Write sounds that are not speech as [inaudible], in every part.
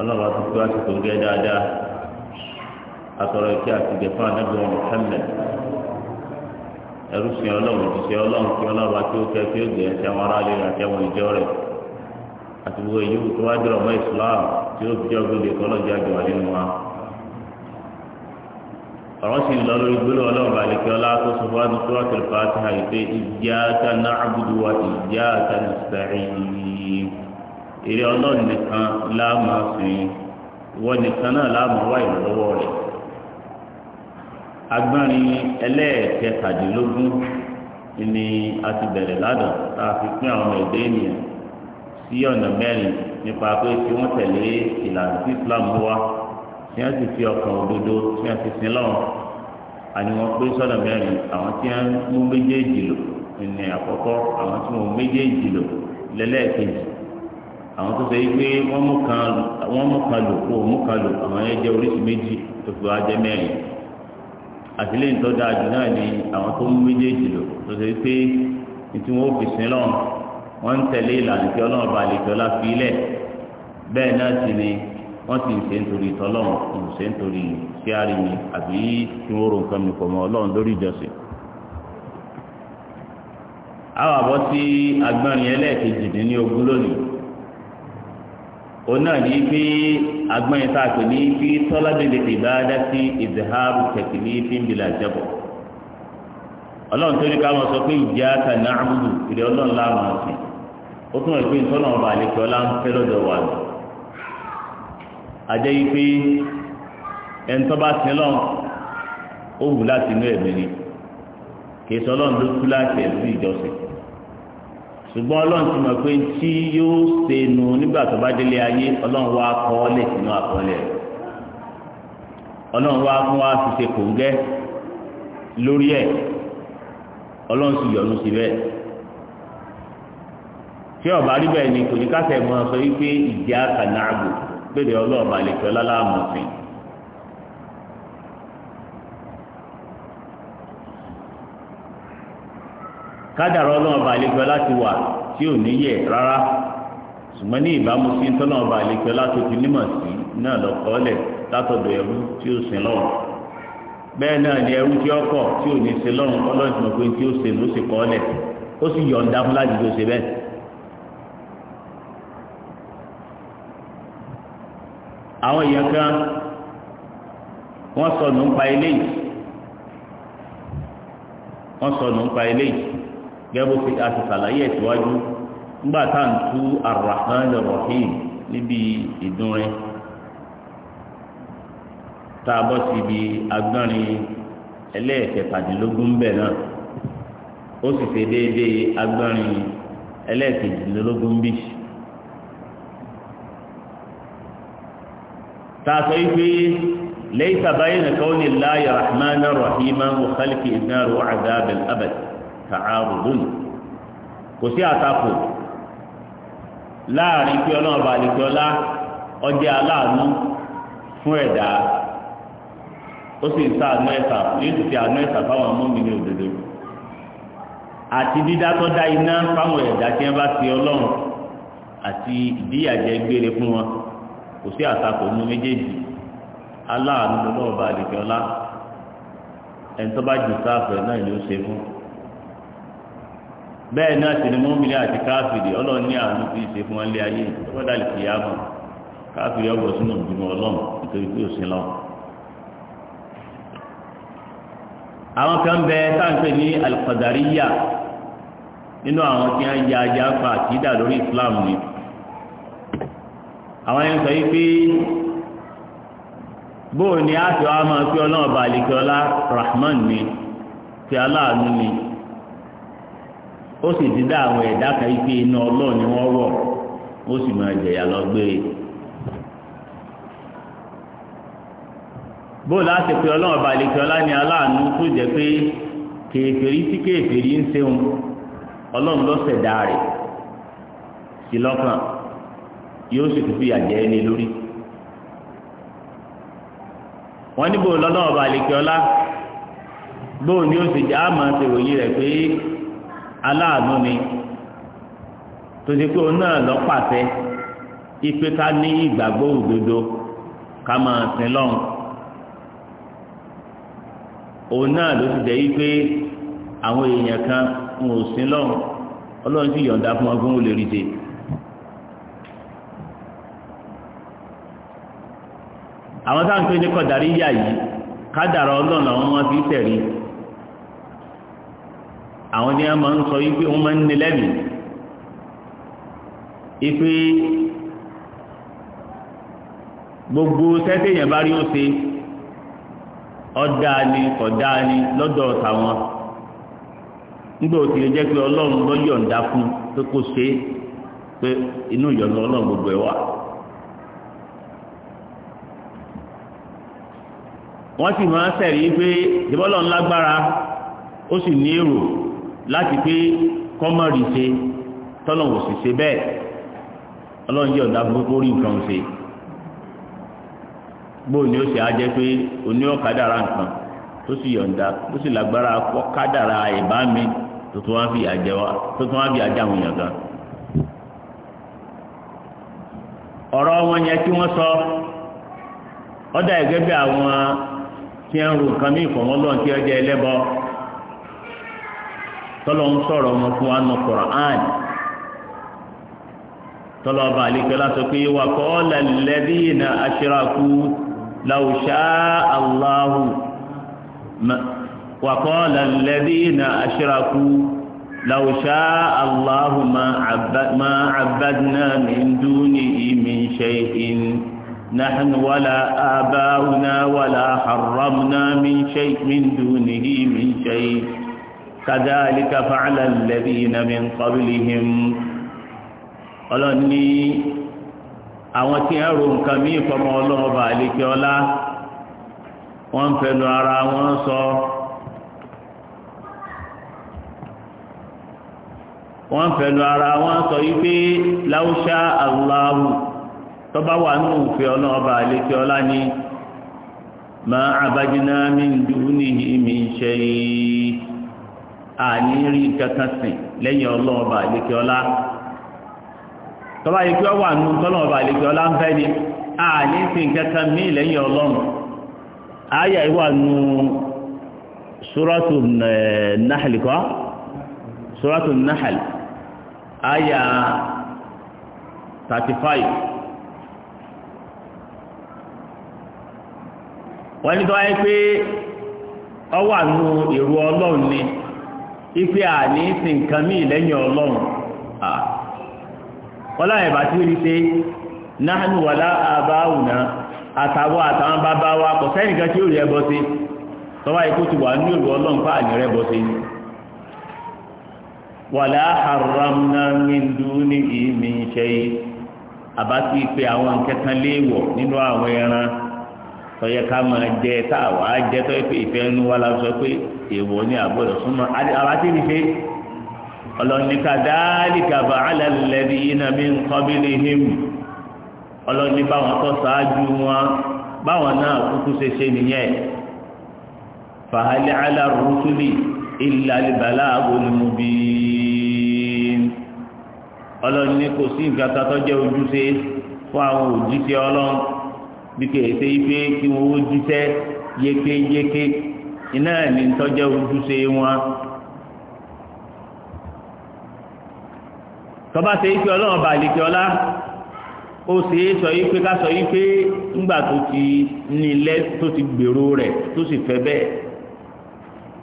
ọlọ́run àti tó àsìkò gẹ́ dáadáa àtọ̀rọ̀ ìkí àti ìgbẹ̀fọ́ àdágbọ̀n Muhammad ẹrú sìn ọlọ́run òṣìṣẹ́ ọlọ́run kí ọlọ́run àti òkè kí ó gbé ẹsẹ̀ àwọn aráàlú rẹ̀ àti àwọn ìjọ rẹ̀ àti gbogbo èyí tó wá dọ̀rọ̀ mọ́ Islam tí ó bíjọ́ gbélé kọ́ lọ́jọ́ àjọ wà nínú wa. ọ̀rọ̀ sì ń lọ lórí gbólóhùn ọlọ́run balẹ̀kẹ́ ọlá tó sọ fún adùn sọ́wọ́ tẹ̀lifásitì àyè pé iyyaka na'budu wa iyyaka nasta'in èrè ọlọ́run nìkan láàmú àfihàn ìwọ nìkan náà láàmú wá ìrànlọ́wọ́ rẹ̀ agbárin ẹlẹ́ẹ̀kẹtàdínlógún ni a ti bẹ̀rẹ̀ ládàá tá a fi pín àwọn ẹ̀dẹ́ ènìyàn sí ọ̀nà mẹ́rin nípa pé kí wọ́n tẹ̀lé ìlànà tí Islam wá tí wọ́n sì fi ọkàn òdodo tí wọ́n sì sin lọ́wọ́ àní wọ́n pé sọ́nà mẹ́rin àwọn tí wọ́n mú méjèèjì lò ní àkọ́kọ́ àwọn tí wọ́n mú méjèèjì lò lẹ́lẹ́ẹ̀kejì àwọn tó sẹ́yìn pé wọ́n mú kan wọ́n mú kan lò kó mú kan lò àwọn yẹn jẹ́ oríṣi méjì tó fi wá jẹ́ mẹ́rin àtìlẹ́yìn tó dáa jù náà ni àwọn tó mú méjèèjì lò tó sẹ́yìn pé tí wọ́n fi sin lọ́n wọ́n ń tẹ̀lé ìlànà tí ọlọ́run bá lè jọlá fi lẹ̀ bẹ́ẹ̀ náà sì ni wọ́n sì ń ṣe nítorí tọ́lọ́run ń ṣe nítorí sí àrími àbí tí wọ́n ro nǹkan mìkọ̀ mọ́ ọlọ́run lórí ìjọsìn. àwọn àbọ̀ sí agbọ́nrin ẹlẹ́ẹ̀kejì ní ogún lónìí ọ̀nà ní pé agbọ́n ta pè ní fi si ìbáadá sí ìzìháàbù tẹ̀kìlì fi ń bìlà jẹ́bọ̀ ọlọ́run tó ní ká sọ pé ìjà ta ní àmúlù ìrẹ́ ọlọ́run láàmú ọ̀sìn ó tún wọ̀ pé ìtọ́nà ọba àlejò ọlá ń fẹ́ lọ́dọ̀ wà lọ. àjẹ́ yìí pé sin lọ́n ó wù láti inú ẹ̀mí ni kì ṣùgbọ́n ọlọ́run ti mọ̀ pé tí yóò ṣe nu nígbà tó bá délé ayé ọlọ́run wá kọ́ lè sínú àkọọ́lẹ̀ rẹ̀ ọlọ́run wá fún wa fi ṣe kòńgẹ́ lórí ẹ̀ ọlọ́run sì yọ̀nu tí ọba ríbẹ̀ ni kò ní mọ́ sọ wípé ìdí lè fẹ́ kádàrá ọlọ́run ọba àlejò láti wà tí ò ní yẹ rárá ṣùgbọ́n ní ìbámu sí tọ́lọ́run ọba àlejò láti ti nímọ̀ sí náà lọ́kọ́ọ́lẹ̀ látọ̀dọ̀ ẹrú tí ó sin lọ́run bẹ́ẹ̀ náà ni ẹrú tí ó kọ̀ tí ò ní sin lọ́run ọlọ́run ti mọ̀ pé tí ó sin ló sì kọ́ọ́lẹ̀ ó sì yọ̀ǹda fún láti tó ṣe bẹ́ẹ̀. àwọn èèyàn kan wọ́n sọnù ń pa eléyìí wọ́n sọnù ń pa eléyìí gẹ́gbó fi àti sàlàyé ìtìwájú ńgbà tá à ń tú Ar-Rahman Ar-Rahim níbi ìdúnrin tá a bọ́ síbi agbọ́nrin ẹlẹ́ẹ̀kẹtàdínlógún bẹ́ẹ̀ náà ó sì ṣe déédéé agbọ́nrin ẹlẹ́ẹ̀kejìdínlógún bí. tá a sọ yìí pé laysa bayna qawli Rahman Ar-Rahim wa khalqi an ta'arudun kò sí àtakò láàrin pé ọlọ́run bá lè pé ọjẹ́ aláàánú fún ẹ̀dá ó sì ń àánú ẹ̀sà àánú ẹ̀sà fáwọn ní àti ti ọlọ́run àti gbére fún wọn kò sí bẹ́ẹ̀ náà sì ni mọ́mílì àti káfìrí ọlọ́run ní àánú fi ṣe fún wọn lé ayé ìtọ́gbọ́dá lè fi yáàmọ̀ káfìrí ọgbọ̀n sínú ìbínú ọlọ́run nítorí pé òsín lọ́wọ́. àwọn kan bẹ sáǹpẹ̀ ní alqadariya nínú àwọn tí wọ́n ya ajá pa àkídà lórí Islam ni àwọn yẹn sọ wípé bóun ni a ti wá máa ọlọ́run bàálí kí ọlá Rahman ni ti aláàánú ni. ó sì ti dá àwọn ẹ̀dá kan ipe iná ọlọ́ọ̀ ni wọ́n wọ̀ ó sì máa jẹ̀yà lọ gbé e. bó láti pe ọlọ́run balẹ̀ kí ọlá ni aláàánú tó jẹ́ pé kèfèrí tí kèfèrí ń ṣeun ọlọ́run ló ṣẹ̀dá rẹ̀ sí lọ́kàn yóò sì tún fi àjẹ́ ẹni lórí. wọ́n ní bó lọ́lọ́run balẹ̀ kí ọlá bó ni ó sì jẹ́ àmọ́ ṣèròyìn rẹ̀ pé. ala ni tòsí pé òun náà lọ pàṣẹ ipe ká ní ìgbàgbọ́ òdodo ká máa sin lọ́hùn òun náà ló ti jẹ́ ipe àwọn èèyàn kan ń ò sin lọ́hùn ọlọ́run sì yọ̀ǹda fún wọn lè rí àwọn táwọn yìí àwọn ni a máa ń sọ yí pé máa ń ní lẹ́mì ipe gbogbo sẹ́tẹ̀ yẹn bá rí ó ṣe ọ̀dà ni kọ̀dà ni lọ́dọ̀ tàwọn nígbà òtí lè jẹ́ pé ọlọ́run ló yọ̀ǹda fún pé kò ṣe é pé inú ìyọ̀nà ọlọ́run gbogbo ẹ̀ wà. wọ́n sì máa ń sẹ̀rí pé ìbọ́lọ̀ ńlágbára ó sì ní èrò láti pé kọ́mọ̀rì ṣe tọ́lọ̀wò sì ṣe bẹ́ẹ̀ ọlọ́run yóò dá gbogbo rí nǹkan ṣe gbóò ni ó ṣe á jẹ́ pé oní ọ̀kadàra nǹkan tó sì yọ̀ǹda tó sì lágbára kádàra ìbá mi tó wá fi tó wá fi ọ̀rọ̀ wọn yẹn tí wọ́n sọ ọ̀dà ẹ̀gẹ́ bí àwọn tí ń ro nǹkan mí tí jẹ́ tọ́lọ́ ń sọ̀rọ̀ ọmọ fún wa nù Qur'an tọ́lọ́ ọba àlekẹ́ lásán pé wà kọ́ lẹ́lẹ́dínà aṣírakú law sha'a Allahu wà kọ́ lẹ́lẹ́dínà aṣírakú law sha'a Allahu ma abadna min dunihi min shay'in نحن ولا آباؤنا ولا حرمنا من شيء من دونه من شيء كذلك فعل الذين من قبلهم ọlọ́ni àwọn tí ń ro nǹkan míì fọmọ ọlọ́ọ̀bà àlekè ọlá wọ́n ń fẹnu ara wọn sọ wọ́n ń fẹnu ara wọn sọ yìí pé láwùṣà aláwù tọ́ba wà nínú òfin ọlọ́ọ̀bà àlekè ọlá ni máa abájínà min dunihi min shay. àní rí nǹkan kan sìn lẹ́yìn ọlọ́ọ̀bà àlékè ọlá tọ́ba yìí nù tọ́lọ́ọ̀bà àlékè ń fẹ́ àní sí nǹkan kan lẹ́yìn ọlọ́run àyà ìwà nù suratu eh, nahl kọ́ 35 wọ́n ní tọ́wáyé pé ọ nù ìrù ipe àní sí nǹkan míì lẹ́yìn ọlọ́run wọ́n láyẹ̀ tí ó rí pé wala abauna àtàwọ̀ àtàwọn bàbá wa kò sẹ́nìkan tí ó rí ẹbọ sí tọ́wá ikú ti wà ní òru ọlọ́run rẹ́bọ tọ́yẹ ká máa jẹ tá a wàá jẹ tọ́yẹ pé ìfẹ́ ń wá la sọ pé èèwọ̀ ni àgbọ̀dọ̀ súnmọ́ àwa ti rí ṣe ọlọ́ni kadhalika fa'ala alladhina min qablihim ọlọ́ni báwọn tó ṣáájú wọn báwọn náà kúkú ṣe ṣe nìyẹn fahal ala rusuli illa al kò sí nǹkan tó jẹ́ ojúṣe fún àwọn òjíṣẹ́ ọlọ́run bí kèése ife kí wọn ó jíṣẹ́ yékéyéké iná ní tọ́jẹ́ ojúṣe wọn. tọ́ba ṣe ife ọlọ́run bàlíkẹ́ ọlá ó ṣe é sọ ife ká sọ ife ńgbà tó ti nílẹ̀ tó ti gbèrò rẹ̀ tó sì fẹ́ bẹ́ẹ̀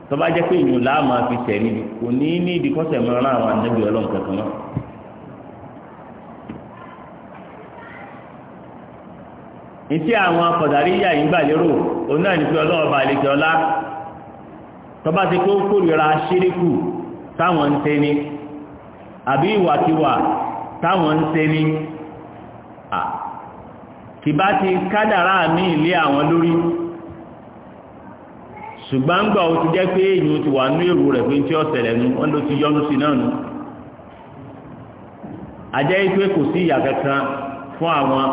tọ́ba jẹ́ pé ìyọ̀nlá máa fi tẹ̀lé kò ní ní ìdíkọ́sẹ̀ mìíràn àwọn ànábì ọlọ́run kankan náà. ìtí àwọn akọ̀dàríyà yìí gbà lérò òun náà ní pé ọlọ́wọ́ bá lè kí ọlá tọba ti pé kórìíra ṣíríkù táwọn ń tẹ́ ni àbí ìwàkiwà táwọn ń tẹ́ ni kì bá ti kádàrá mi ilé àwọn lórí ṣùgbọ́n gbà ó ti jẹ́ pé èyí ti wà ní èrò rẹ̀ pé tí ó tẹ̀lẹ̀ nu wọ́n ló ti yọ́nu sí náà nu àjẹ́ ìpé kò sí ìyàkẹ́ fún àwọn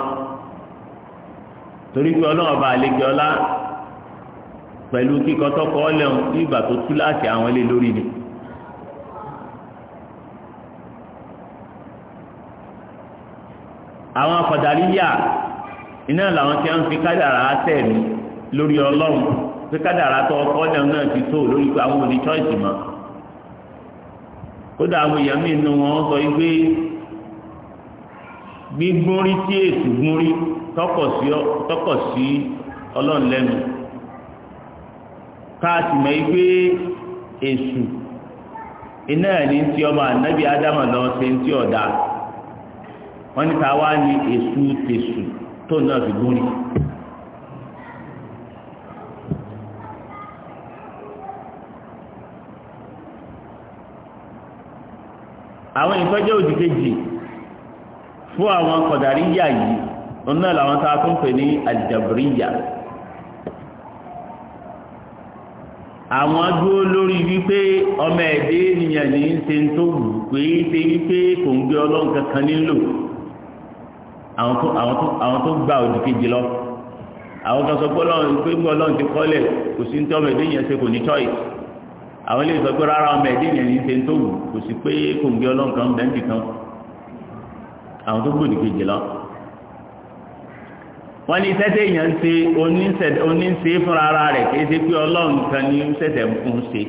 torí pé ọlọ́run ọba àlejò ọlá pẹ̀lú kíkọ tọkọ ọlẹ́hùn ní ìgbà tó tú láti àwọn ilé lórí ni. àwọn akọ̀dàríyà iná làwọn tí wọ́n fi kádàrá tẹ̀mí lórí ọlọ́run pé kádàrá tó ọkọ ọlẹ́hùn náà ti tó lórí pé àwọn òní chọ́ọ̀tì mọ́ kódà àwọn èèyàn mi nù wọn sọ wípé gbígbórí tí èsù gbórí. tọkọ̀ sí ọlọ́run lẹ́nu káàtì mọ̀ ìwé iná ẹ̀ ní ti ọmọ ànábì ádámà lọ ṣe ń tí ọ̀dà wọ́n ní ta wá ní èṣù tèṣù tó náà fi àwọn òun náà làwọn tá a tún pè ní aljabriya àwọn dúró lórí wípé ọmọ ẹ̀dẹ́ ènìyàn ní í ṣe tó wù pé ṣe wípé kò ń gbé ọlọ́run kankan nílò àwọn tó gba òdì kejì lọ àwọn kan sọ pé ọlọ́run pé bí ọlọ́run ti kọ́lẹ̀ kò sí tí ọmọ ẹ̀dẹ́ ènìyàn ṣe kò ní choice àwọn ilé ìsọgbé rárá ọmọ ẹ̀dẹ́ ènìyàn ní í ṣe tó wù kò sí pé kò ń gbé ọlọ́run kan bẹ́ẹ̀ nìkan àwọn tó gbòdì kejì lọ. wọ́n ní iṣẹ́ téèyàn ń ṣe oníṣe fúnra ara rẹ̀ kìí ṣe pé ọlọ́run kan ní ṣẹ̀ṣẹ̀ fún ṣe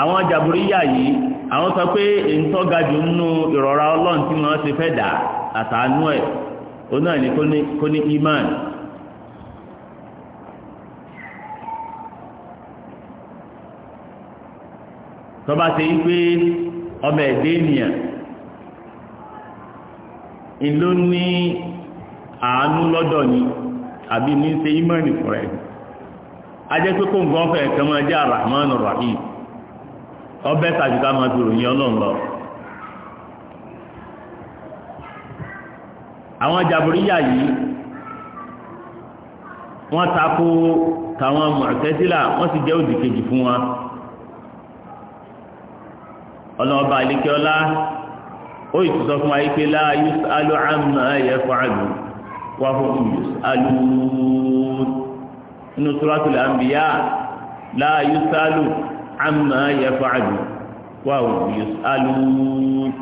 àwọn jàbúríyà yìí àwọn sọ pé ìǹtọ́ ga jù nínú ìrọ̀ra ọlọ́run tí wọ́n ti fẹ́ dà àtàánú ẹ̀ onáà ní kó ní tọ́ba ṣe yí pé ọmọ ẹ̀dẹ́ ènìyàn ìlú ní àánú lọ́dọ̀ ni àbí ní ṣe ìmọ̀nì fún rẹ̀ ajẹ́ pé kó nǹkan fẹ̀ kẹ́ máa jẹ́ Ar-Rahman Ar-Rahim ọbẹ̀ tàbíká máa fi ròyìn ọlọ́run lọ àwọn jàbúríyà yìí wọ́n tako tàwọn Mu'tazila wọ́n sì jẹ́ òdìkejì fún wọn ọlọ́ọ̀bá alikẹ́ọ́lá ó yìí sọ fún ayé pé láàyè alọ́ àmà ẹ̀yẹ fún àlù wà fún alù inú suratul anbiya láàyè sálù àmà ẹ̀yẹ fún àlù wà fún alù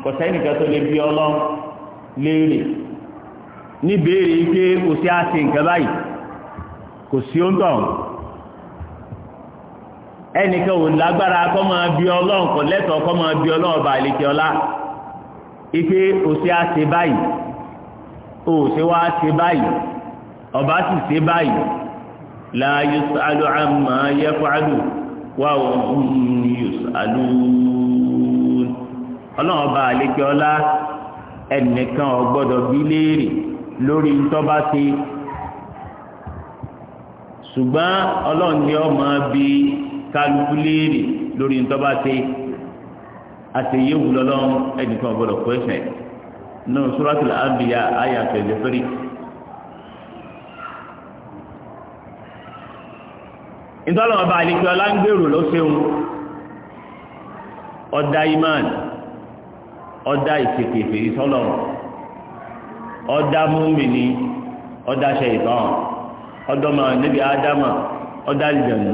kọ̀sẹ́nìkan tó lè bí ọlọ́ léèrè níbèrè pé kò sí àṣẹ nǹkan báyìí kò sí ó ń tọ̀hún ẹnìkan ò lágbára kọ́ máa bí ọlọ́run kọ́ lẹ́tọ̀ọ́ kọ́ máa bí ọlọ́run bá lè kíọ́lá ipe òsè á ṣe báyìí òsè wá ṣe báyìí ọba sì ṣe báyìí la yusalu amma yafalu wa hum yusalun ọlọ́run bá lè kíọ́lá ẹnìkan ò gbọ́dọ̀ bí léèrè lórí ntọ́ba ṣe ṣùgbọ́n ọlọ́run ni ọ máa bí kálukú léèrè lórí ntọ́ba ṣe àṣeyéwu lọ́lọ́run ẹnìkan gbọ́dọ̀ kó ẹ̀ṣẹ̀ náà suratul anbiya àyà tẹ̀lé fẹ́rẹ́. ntọ́lọ́ ọba àlekí ọlá ń gbèrò ló ṣeun ọ̀dà imán ọ̀dà ìṣèkè fèrè sọ́lọ̀ ọ̀dà múmìnì ọ̀dà ṣẹ̀yìntàn ọ̀dọ́mọ níbi ádámà ọ̀dà ìjẹ̀nù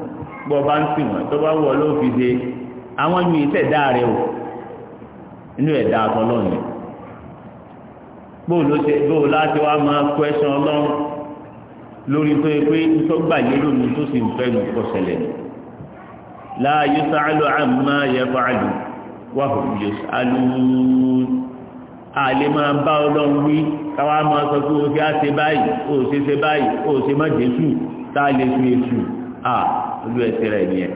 bọ́ bá ń sìn wọ́n tó bá wọ́ ló fi ṣe àwọn ju ìtẹ̀dá rẹ̀ o inú ẹ̀dá àtọ́lọ́ọ̀nì bóòlù ṣe bóòlù láti wá máa kó ẹ̀sán ọlọ́run lórí tó yẹ pé ntọ́gbà yẹlò ní tó sì ń fẹ́ nu kọ́ ṣẹlẹ̀ ni láàyè sàálù àmà yẹ fàálù wà fún yẹ sàálù àlè máa bá ọlọ́run wí káwá máa sọ pé o ṣe á ṣe báyìí o ṣe ṣe báyìí o ṣe má jésù tá lè fi èṣù olú ẹsẹ̀ rẹ̀ nìyẹn.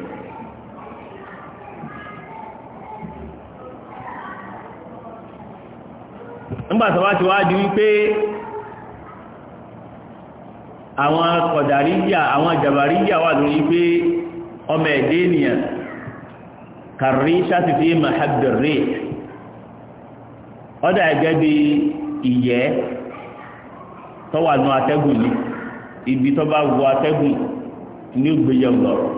nígbà tó bá ti wá di wípé àwọn kọ̀dàríyà àwọn jàbàríyà wà lórí pé ọmọ ẹ̀dẹ́ ènìyàn kàrí sátìtì mahabdere ọdá ẹgbẹ́ bí ìyẹ́ tọ́wà nù atẹ́gùn ní ibi tó wù atẹ́gùn ní ògbéyàwó lọ́rọ̀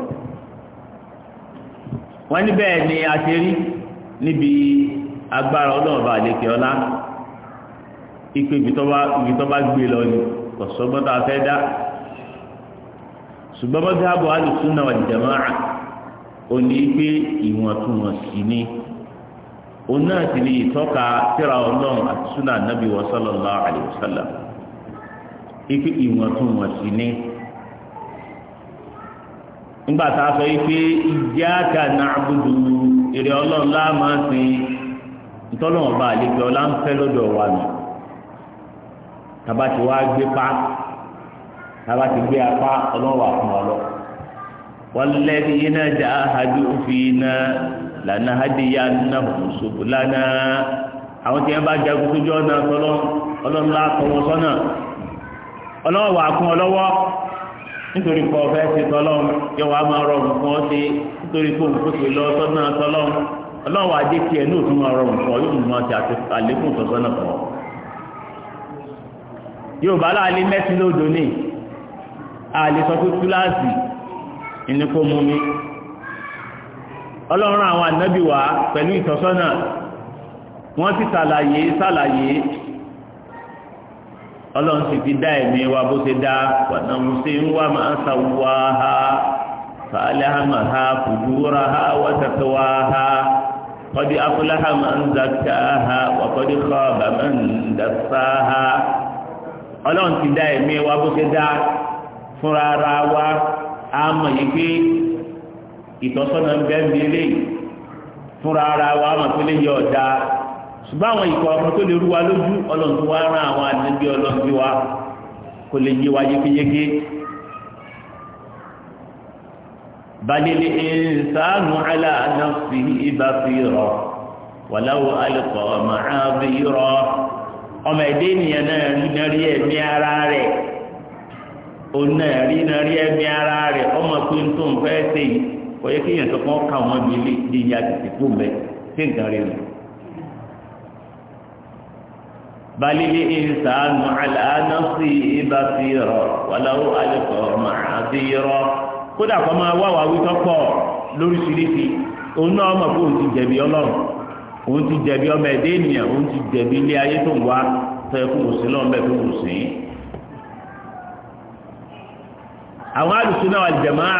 wọ́n ní bẹ́ẹ̀ ni a ti rí níbi agbára ọlọ́ọ̀bá àlékè ọlá ipe ibi tó bá gbé lọ ni kò sọ́gbọ́n tó a fẹ́ dá ṣùgbọ́n bá dáàbò alùsùnà wal jamaa ò ní pé ìwọ̀ntúnwọ̀nsì ni òun náà sì ní ìtọ́ka tírà ọlọ́run àti súnà nàbí wa sallallahu alaihi ipe ìwọ̀ntúnwọ̀nsì ni. ngbata tá a sọ na abu iyyaka na'budu èrè ọlọ́run máa ń sin ìtọ́lọ́wọ̀n bá àlejò ọlá ń fẹ́ lọ́dọ̀ wa nù tàbá ti gbé pa tàbá gbé apá ọlọ́wọ́ àfún ọ lọ. walladhina jahadu fina lanahdiyanahum subulana àwọn tí wọ́n bá jagun nítorí pé ọ̀fẹ́ ti tọ́lọ́n yóò wá máa rọrùn fún ọ sí nítorí pé òun kò sí lọ sọ́nà tọ́lọ́n ọlọ́run adé tiẹ̀ ní òtún máa rọrùn fún ọ yóò mú ọtí àti àlékún tọ́sọ́nà fún ọ. yorùbá láàlẹ́ mẹ́sì lódò ní àlè sọ pé kíláàsì ìníkó mú mi ọlọ́run àwọn ànábì pẹ̀lú ìtọ́sọ́nà wọ́n ti ṣàlàyé ṣàlàyé ọlọ́run sì ti dá ẹ̀mí wa bó ṣe dá wọ̀nà ṣe ń wá máa ń sàwọ́ ha fàálẹ́hàmà ha fùdúrà ha wọ́tàtàwà ha kọ́dí afúláhàmà ń zàkà ha wọ́kọ́dí kọ́ọ̀bà máa ń dàsá ha ọlọ́run ti dá ẹ̀mí wa bó ṣe dá fúnra ara wa a mọ̀ yìí pé ìtọ́sọ́nà ń bẹ́ẹ̀ mi lé fúnra ara wa a mọ̀ pé lè yọ̀ dáa ṣùgbọ́n àwọn ìkọ̀ ọmọ tó lè rú wa lójú ọlọ́run tó wá rán àwọn àdébí ọlọ́run bí wa kò lè yé wa yékéyéké. balẹ̀lẹ̀ ìsánú aláàánáfi ìbáfirọ̀ wàláwọ̀ alẹ́kọ̀ ọmọ àbírọ̀ ọmọ ẹ̀dẹ́ ènìyàn náà rí nárí ẹ̀mí ara rẹ̀ òun náà rí nárí ẹ̀mí ara rẹ̀ ọmọ pé ń tó ń fẹ́ sèyí kò tó kàn ká wọn bí ilé ìyá tètè kó mẹ́ nǹkan rẹ̀ nù. بل الإنسان على نفسه بصيرا ولو ألقى معاذيرا kódà kọ́ máa wá wàwí tó pọ̀ lóríṣiríṣi òun náà mọ̀ pé òun ti jẹ̀bi ọlọ́run òun ti jẹ̀bi ọmọ ẹ̀dẹ́ ènìyàn òun ti jẹ̀bi ilé ayé tó ń wá tó kó kò sí lọ́wọ́ bẹ́ẹ̀ tó kò àwọn alùsùnà àlùjàmáà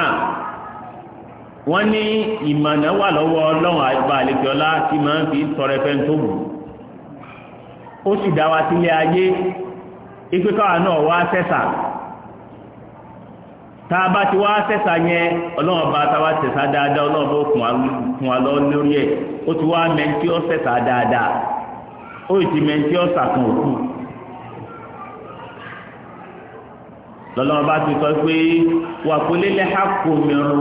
wọ́n ní ìmọ̀nà wà lọ́wọ́ ọlọ́run àgbà àlejò ọlá tí máa fi tọrẹ fẹ́ tó wù ó sì dá wa sílé ayé ipé náà wá sẹ́sà bá ti wá sẹ́sà yẹn ta sẹ́sà dáadáa lọ lórí ẹ̀ ó ti wá mẹ́ntí ó sẹ́sà dáadáa ó ti mẹ́ntí ó sàkàn òkú. lọ́lọ́run ti sọ pé wà kó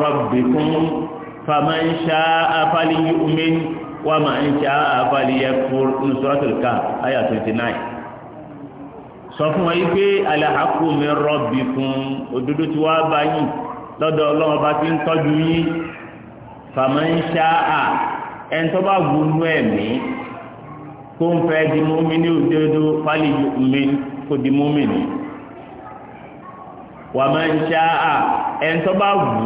rọ̀bì fún wa ma ń ṣe àbáliyẹ fún nusratul Kahf àyà twenty nine sọ fún wa yìí pé al-haqqu min rabbikum òdodo tí wàá bá yín lọ́dọ̀ ọlọ́run bá ti ń tọ́jú yín faman sha'a ẹni tó bá wù nú ẹ̀mí kó ń fẹ́ di mu'mini òdodo fálí mi kó di mu'mini wa man sha'a ẹni tó bá wù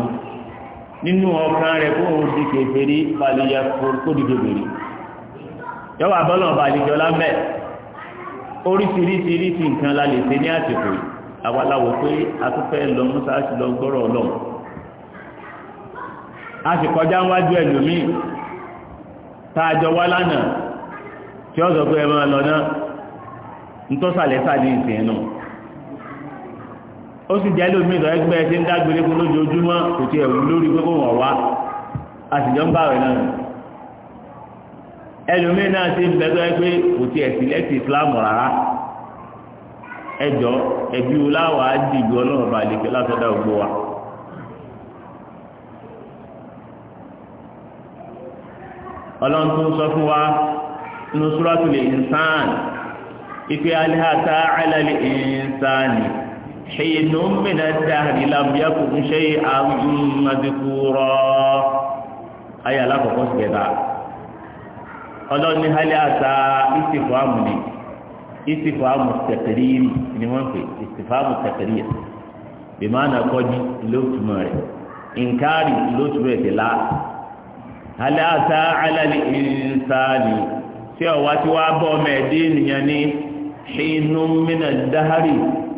nínú ọkàn rẹ̀ kó o di kèfèrí balùwẹ̀ kó di kèfèrí yọwọ́ abọ́lọ̀ balùwẹ̀ ọlámẹ́ oríṣiríṣiríṣi nǹkan la lè ní àsìkò yìí àwa la wò pé lọ mọ́sáàsì lọ a kọjá ó sì jẹ́ lómi ìtọ́ ẹgbẹ́ tí ń dágbére fún lójoojúmọ́ kò tiẹ̀ wù lórí pé kò wọ̀n wá a sì jọ ń bá rẹ̀ náà ẹlòmíì náà ti ń bẹ́tọ́ ẹgbẹ́ kò tiẹ̀ sí lẹ́sìn Islam rárá ẹjọ́ ẹbí wo láwà á dìgbò ọlọ́run bá lè fẹ́ látọ̀dá ògbó wa. ọlọ́run tó sọ fún wa nínú Suratul Insan ìpè alẹ́ àtà àlàlẹ́ حين من الدهر لم يكن شيئا مذكورا أي لا فقص كذا ọlọ́ni hálẹ́ àta ìsìfàmù ni ìsìfàmù tẹ̀kẹ̀rìrì ni wọ́n pè ìsìfàmù tẹ̀kẹ̀rìrì bìmánà kọjú lótùmọ̀ rẹ̀ nkárì lótùmọ̀ rẹ̀ la hálẹ́ àta alálẹ̀ ìsáàlì tí ọ̀wá tí wàá bọ́ ọmọ ẹ̀dín nìyẹn ní ṣínú mìíràn dáhárì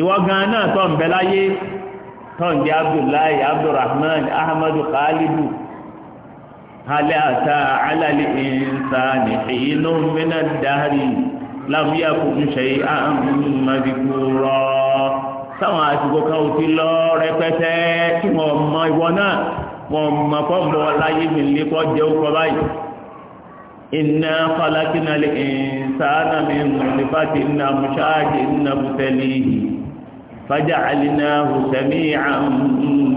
ìwọ gan náà tó ń bẹ láyé tó ń jẹ́ abdullahi abdulrahman ahmadu khalidu alẹ́ àtà alálẹ́ ìsàní ìlú mẹ́nà dárì lámúyà kò ń ṣe àmàdìkúrọ́ sáwọn àsìkò kan ò ti lọ rẹpẹtẹ tí wọn mọ ìwọ náà wọn mọ kọ́ mọ láyé mi lé kọ́ jẹ́ ó kọ́ báyìí inna khalaqna al-insana min nutfatin amshajin nabtalihi faja'alnahu sami'an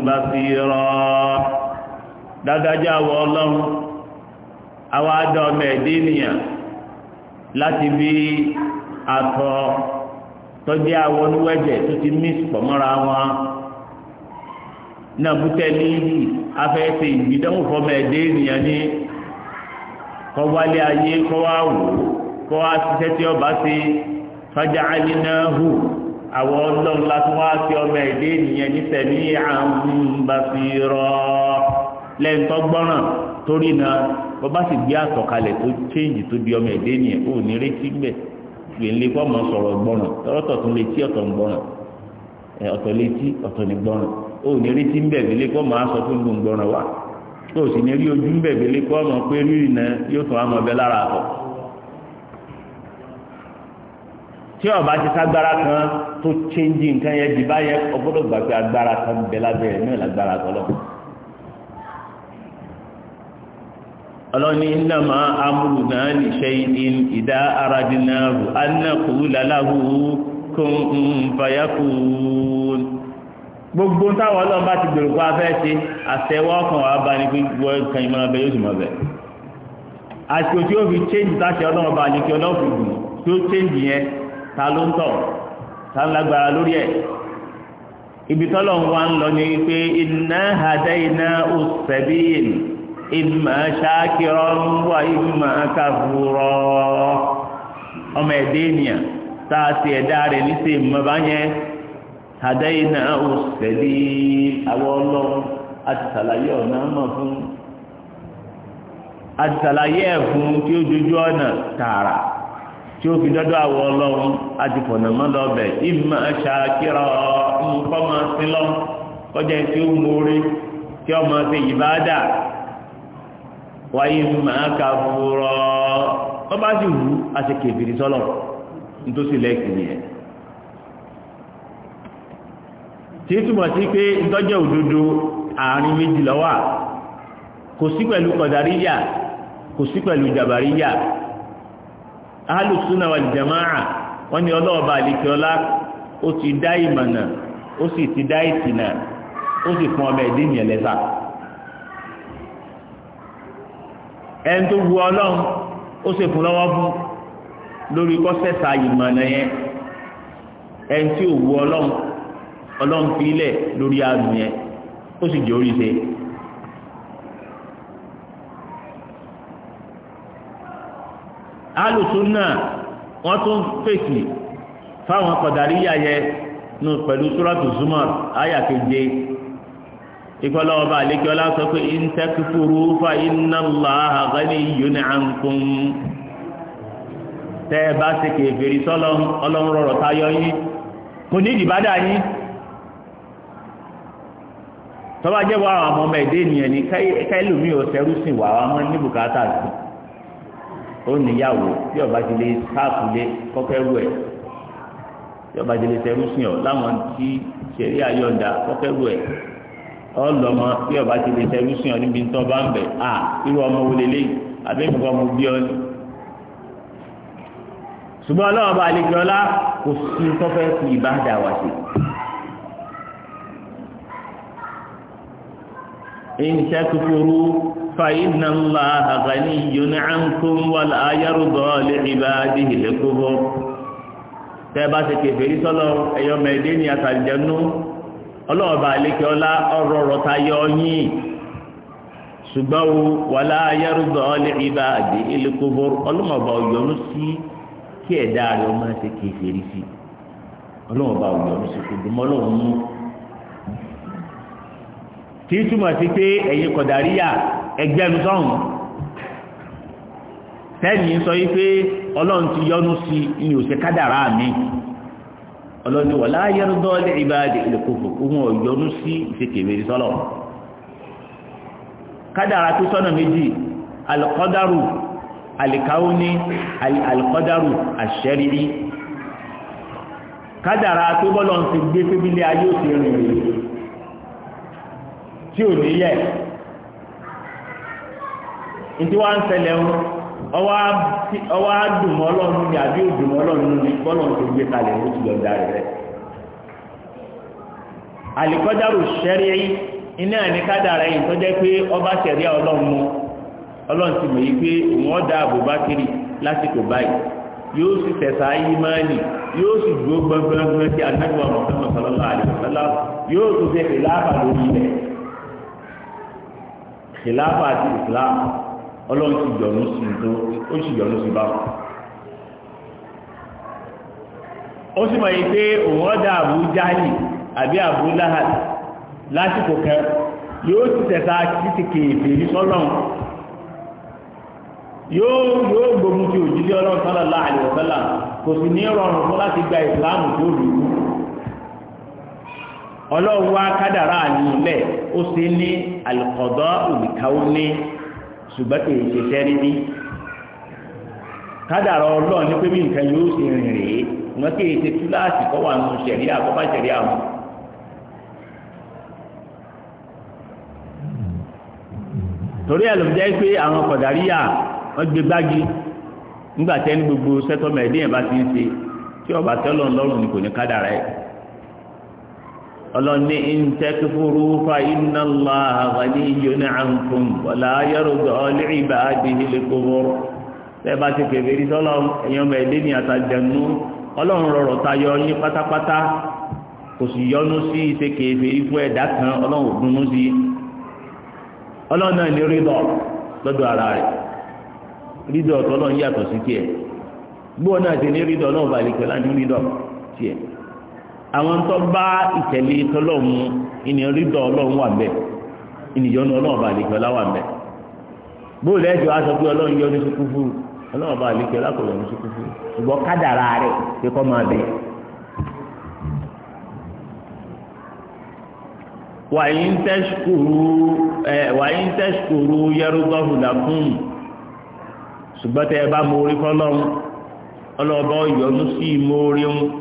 basira dádájá wọ ọlọ́run àwọn adọ́ ọmọ ẹ̀dẹ́ ènìyàn atọ bí àtọ̀ tọ́jú àwọn oníwẹ̀jẹ̀ tó wọn náà bútẹ́ ní afẹ́fẹ́ ìgbìdánwò fọmọ ẹ̀dẹ́ ènìyàn ní ayé àwọn ọlọ́run láti wá sí ọmọ èdè ènìyàn nífẹ̀ẹ́ ní àǹbàfìrọ̀ lẹ́yìn tó gbọ́ràn torí náà bọ́ bá sì gbé àtọ̀kalẹ̀ tó chéǹjì tó di ọmọ èdè ènìyàn ò ní retí gbẹ̀ gbèlè kọ́ mọ̀ sọ̀rọ̀ gbọ́ràn tọ́rọ́tọ̀ tún létí ọ̀tọ̀ ń gbọ́ràn ọ̀tọ̀ létí ọ̀tọ̀ ní gbọ́ràn ó ní rí tí ń bẹ̀ gbélé kọ́ máa sọ fún gbogbo ọ̀rọ̀ wa sì ní rí ojú ń bẹ̀ gbélé kọ́ pé rí ìrìnà yóò tún àmọ́ ọbẹ̀ lára àtọ̀ tí ọba ti ságbára kan tó chéńjì nǹkan yẹn di báyẹn ọgbọ́dọ̀ gbà pé agbára kan bẹ lábẹ́ rẹ̀ náà lágbára tọ́lọ̀. ọlọ́ni nnàmà amúlù náà lè ṣe ìdín ìdá ara dínà rù kún fàyàkùn. gbogbo táwọn ọlọ́run bá ti gbèrò pa afẹ́ ṣe àtẹwọ́ ọkàn wa bá ní pé wọ́n kan ìmọ̀ abẹ yóò sì mọ̀ bẹ̀. àsìkò tí ó fi chéńjì táṣẹ ọlọ́run bá ní kí ọlọ́run fi gùn tí ó yẹn ta ló ń tọ̀ sáńlágbára lórí ẹ̀ ibi tọ́lọ̀ ń wá ń lọ ní pé inna hadayna us-sabil imma shakiran wa imma kafura ọmọ ẹ̀dẹ́ ènìyàn tá a ti ẹ̀dá rẹ̀ ní sè mọ́ bá yẹn hadayna us àwọn ọlọ́run àti sàlàyé ọ̀nà mọ̀ fún àti sàlàyé ẹ̀ tí ó dojú ọ̀nà tààrà. tí ó fi dọ́dọ́ àwọ̀ ọlọ́run àtìfọ̀nà mọ́lọ́bẹ̀ ìmọ̀ ṣàkírọ̀ ma sí lọ kọjá tí ó mórí tí ọmọ sí ìbáàdà wáyé ìmọ̀ kàfúrọ̀ tó bá sì sọ́lọ̀ nítòsí tí alùsùnà wal jama'a wọ́n ní ọlọ́ọ̀bà àlìkẹ́ọ́lá ó ti dá ìmọ̀nà ó sì ti dá ìtìnà ó sì fún ọmọ ẹ̀dín yẹn lẹ́sà ẹni tó wu ọlọ́run ó sì fún lọ́wọ́ fún lórí kọ́sẹ̀sà ìmọ̀nà yẹn ẹni tí ò wu ọlọ́run ọlọ́run fi ilẹ̀ lórí ààrùn yẹn ó sì jẹ́ orí alùsùnà wọ́n tún fèsì fáwọn kọ̀dàríyà yẹ nù pẹ̀lú sùrọ̀tù zumar àyà keje ọba àlekíọ́lá sọ pé in takfuru fa inna Allaha ghaniyyun ankum tẹ́ bá ṣe kèfèrí sọ́lọ́ ọlọ́run tayọ yín kò ní ìdìbádà yín tọ́bajẹ́ àwọn ọmọ ẹ̀dẹ́ ènìyàn ní wà ní bùkátà sí ó níyàwó bí ọba ti lè sáàpù lé kọ́kẹ́ wù ẹ̀ bí ọba ti lè tẹrú sí ọ láwọn tí ṣẹ̀rí ayọ̀ǹda kọ́kẹ́ wù ẹ̀ ọ lọ́mọ bí ọba ti lè tẹrú sí ọ níbi tó bá ń bẹ̀ à irú ọmọ wo lélẹ́yìí àbẹ́mi kọ́ mo bí ọ ni. ṣùgbọ́n ọlọ́run bá lè jọlá kò sí tọ́fẹ́ fi ìbáàdà wá sí. ìṣẹ́ kúkúrú. فإن الله غني عنكم ولا يرضى لعباده الكفر tẹ́ẹ̀bá ṣe kèfèrí sọ́lọ́ ẹ̀yọ́ mẹ́ẹ̀dé ní àtàlìjẹ́nú ọlọ́ọ̀bà àlékẹ́ ọlá ọ̀rọ̀ ọ̀rọ̀ ta yọ yín ṣùgbọ́n o wala yarda li ibadi il kufur ọlọ́mọba ọ̀yọ́nú sí kí ẹ̀dá rẹ̀ ọmọ ṣe kèfèrí sí ọlọ́mọba ọ̀yọ́nú sí kò dùnmọ́ lọ́wọ́ mú kì í túmọ̀ sí pé ẹ̀yin kọ̀dáríyà ẹgbẹ́nu sọ́hùn tẹ́yìn sọ yí pé ọlọ́run ti yọnu sí ìyìn òṣè kádàrá mi ọlọ́run wọ̀ láyẹ̀rú dọ́ọ̀lẹ̀ ìbáàdì ìlẹ̀kọ̀fọ̀ ohun ọ̀yọnu sí ìṣèkèwèrè sọ́lọ̀ kádàrá tó sọ́nà méjì alùkọ́dárù alìkáwóní alìkọ́dárù àṣẹ́rìí kádàrá tó bọ́lọ́run ti gbé fébílẹ̀ ayé òṣèrè tí ò ní ìdí wá ń ṣẹlẹ̀ o ọwọ́ àdùnmọ́ ọlọ́run ni àbí òdùnmọ́ ọlọ́run ni bọ́lọ̀n tó gbé kalẹ̀ ló ti yọ̀ǹda rẹ̀ àlìkọ́járù ṣẹ́rí iná ẹ̀nìkádàrà yìí tó jẹ́ pé ọba ṣẹ̀rí ọlọ́run mu ọlọ́run ti mọ̀ yí pé òun ọ̀dà àbúbákiri lásìkò báyìí yóò sì tẹ̀sà ìmáàlì yóò sì dúró gbọ́ngbọ́ngbọ́n tí ọlọ́run ti yọ̀nù sí tó ó sì yọ̀nù sí bá ó sì mọ̀ yìí pé òun ọ̀dà Abu Jahli àbí lásìkò yóò ti tẹ̀ta títìkè ìbèrè sọ́lọ́run yóò yóò gbógun ti òjìlé ọlọ́run ní rọrùn fún láti gba ìsìláàmù tó lù ọlọ́run wá kádàrá àníyàn lẹ̀ ó sì ní ṣùgbọ́n kì í ṣe sẹ́rí bí kádàrá ọlọ́run ní pé bí nǹkan yóò ṣe rìn rèé wọ́n kì ṣe kíláàsì kọ́ wà nù àkọ́bá torí ẹ̀ ló jẹ́ pé àwọn kọ̀dáríyà wọ́n ọlọ́ni ìntẹ́kifúrú fa iná lọ yóní àǹkùn wọ̀lá yọ́rùgbọ́ ọlẹ́rì bá dìhì lè kóbọ̀rọ̀ tẹ́ ti kèfè rí sọ́lọ́ èèyàn bẹ̀ lé àtàjẹ̀nú ọlọ́run rọrọ̀ tayọ yín pátápátá kò sì yọnu sí ìṣe kèfè ikú ẹ̀dá kan ọlọ́run sí ọlọ́run náà ní rídọ̀ lọ́dọ̀ àwọn tó bá ìtẹ̀lé tọ́lọ́mù ìnìyàn rídọ̀ ọlọ́run wà bẹ́ẹ̀ ìnìyàn náà ọlọ́run bá àlejò ọlá wà bẹ́ẹ̀ bóòlù ẹ̀jọ̀ aṣọ pé ọlọ́run yọ ní sukúfù ọlọ́run bá àlejò ọlá kò yọ ní sukúfù ṣùgbọ́n kádàrá rẹ̀ pé kọ́ máa bẹ̀. wàyí ń tẹ́sùkúrú ẹ̀ wàyí ṣùgbọ́n tẹ́ ẹ bá mórí fọlọ́run ọlọ́run bá yọ ní sí mórí wọn.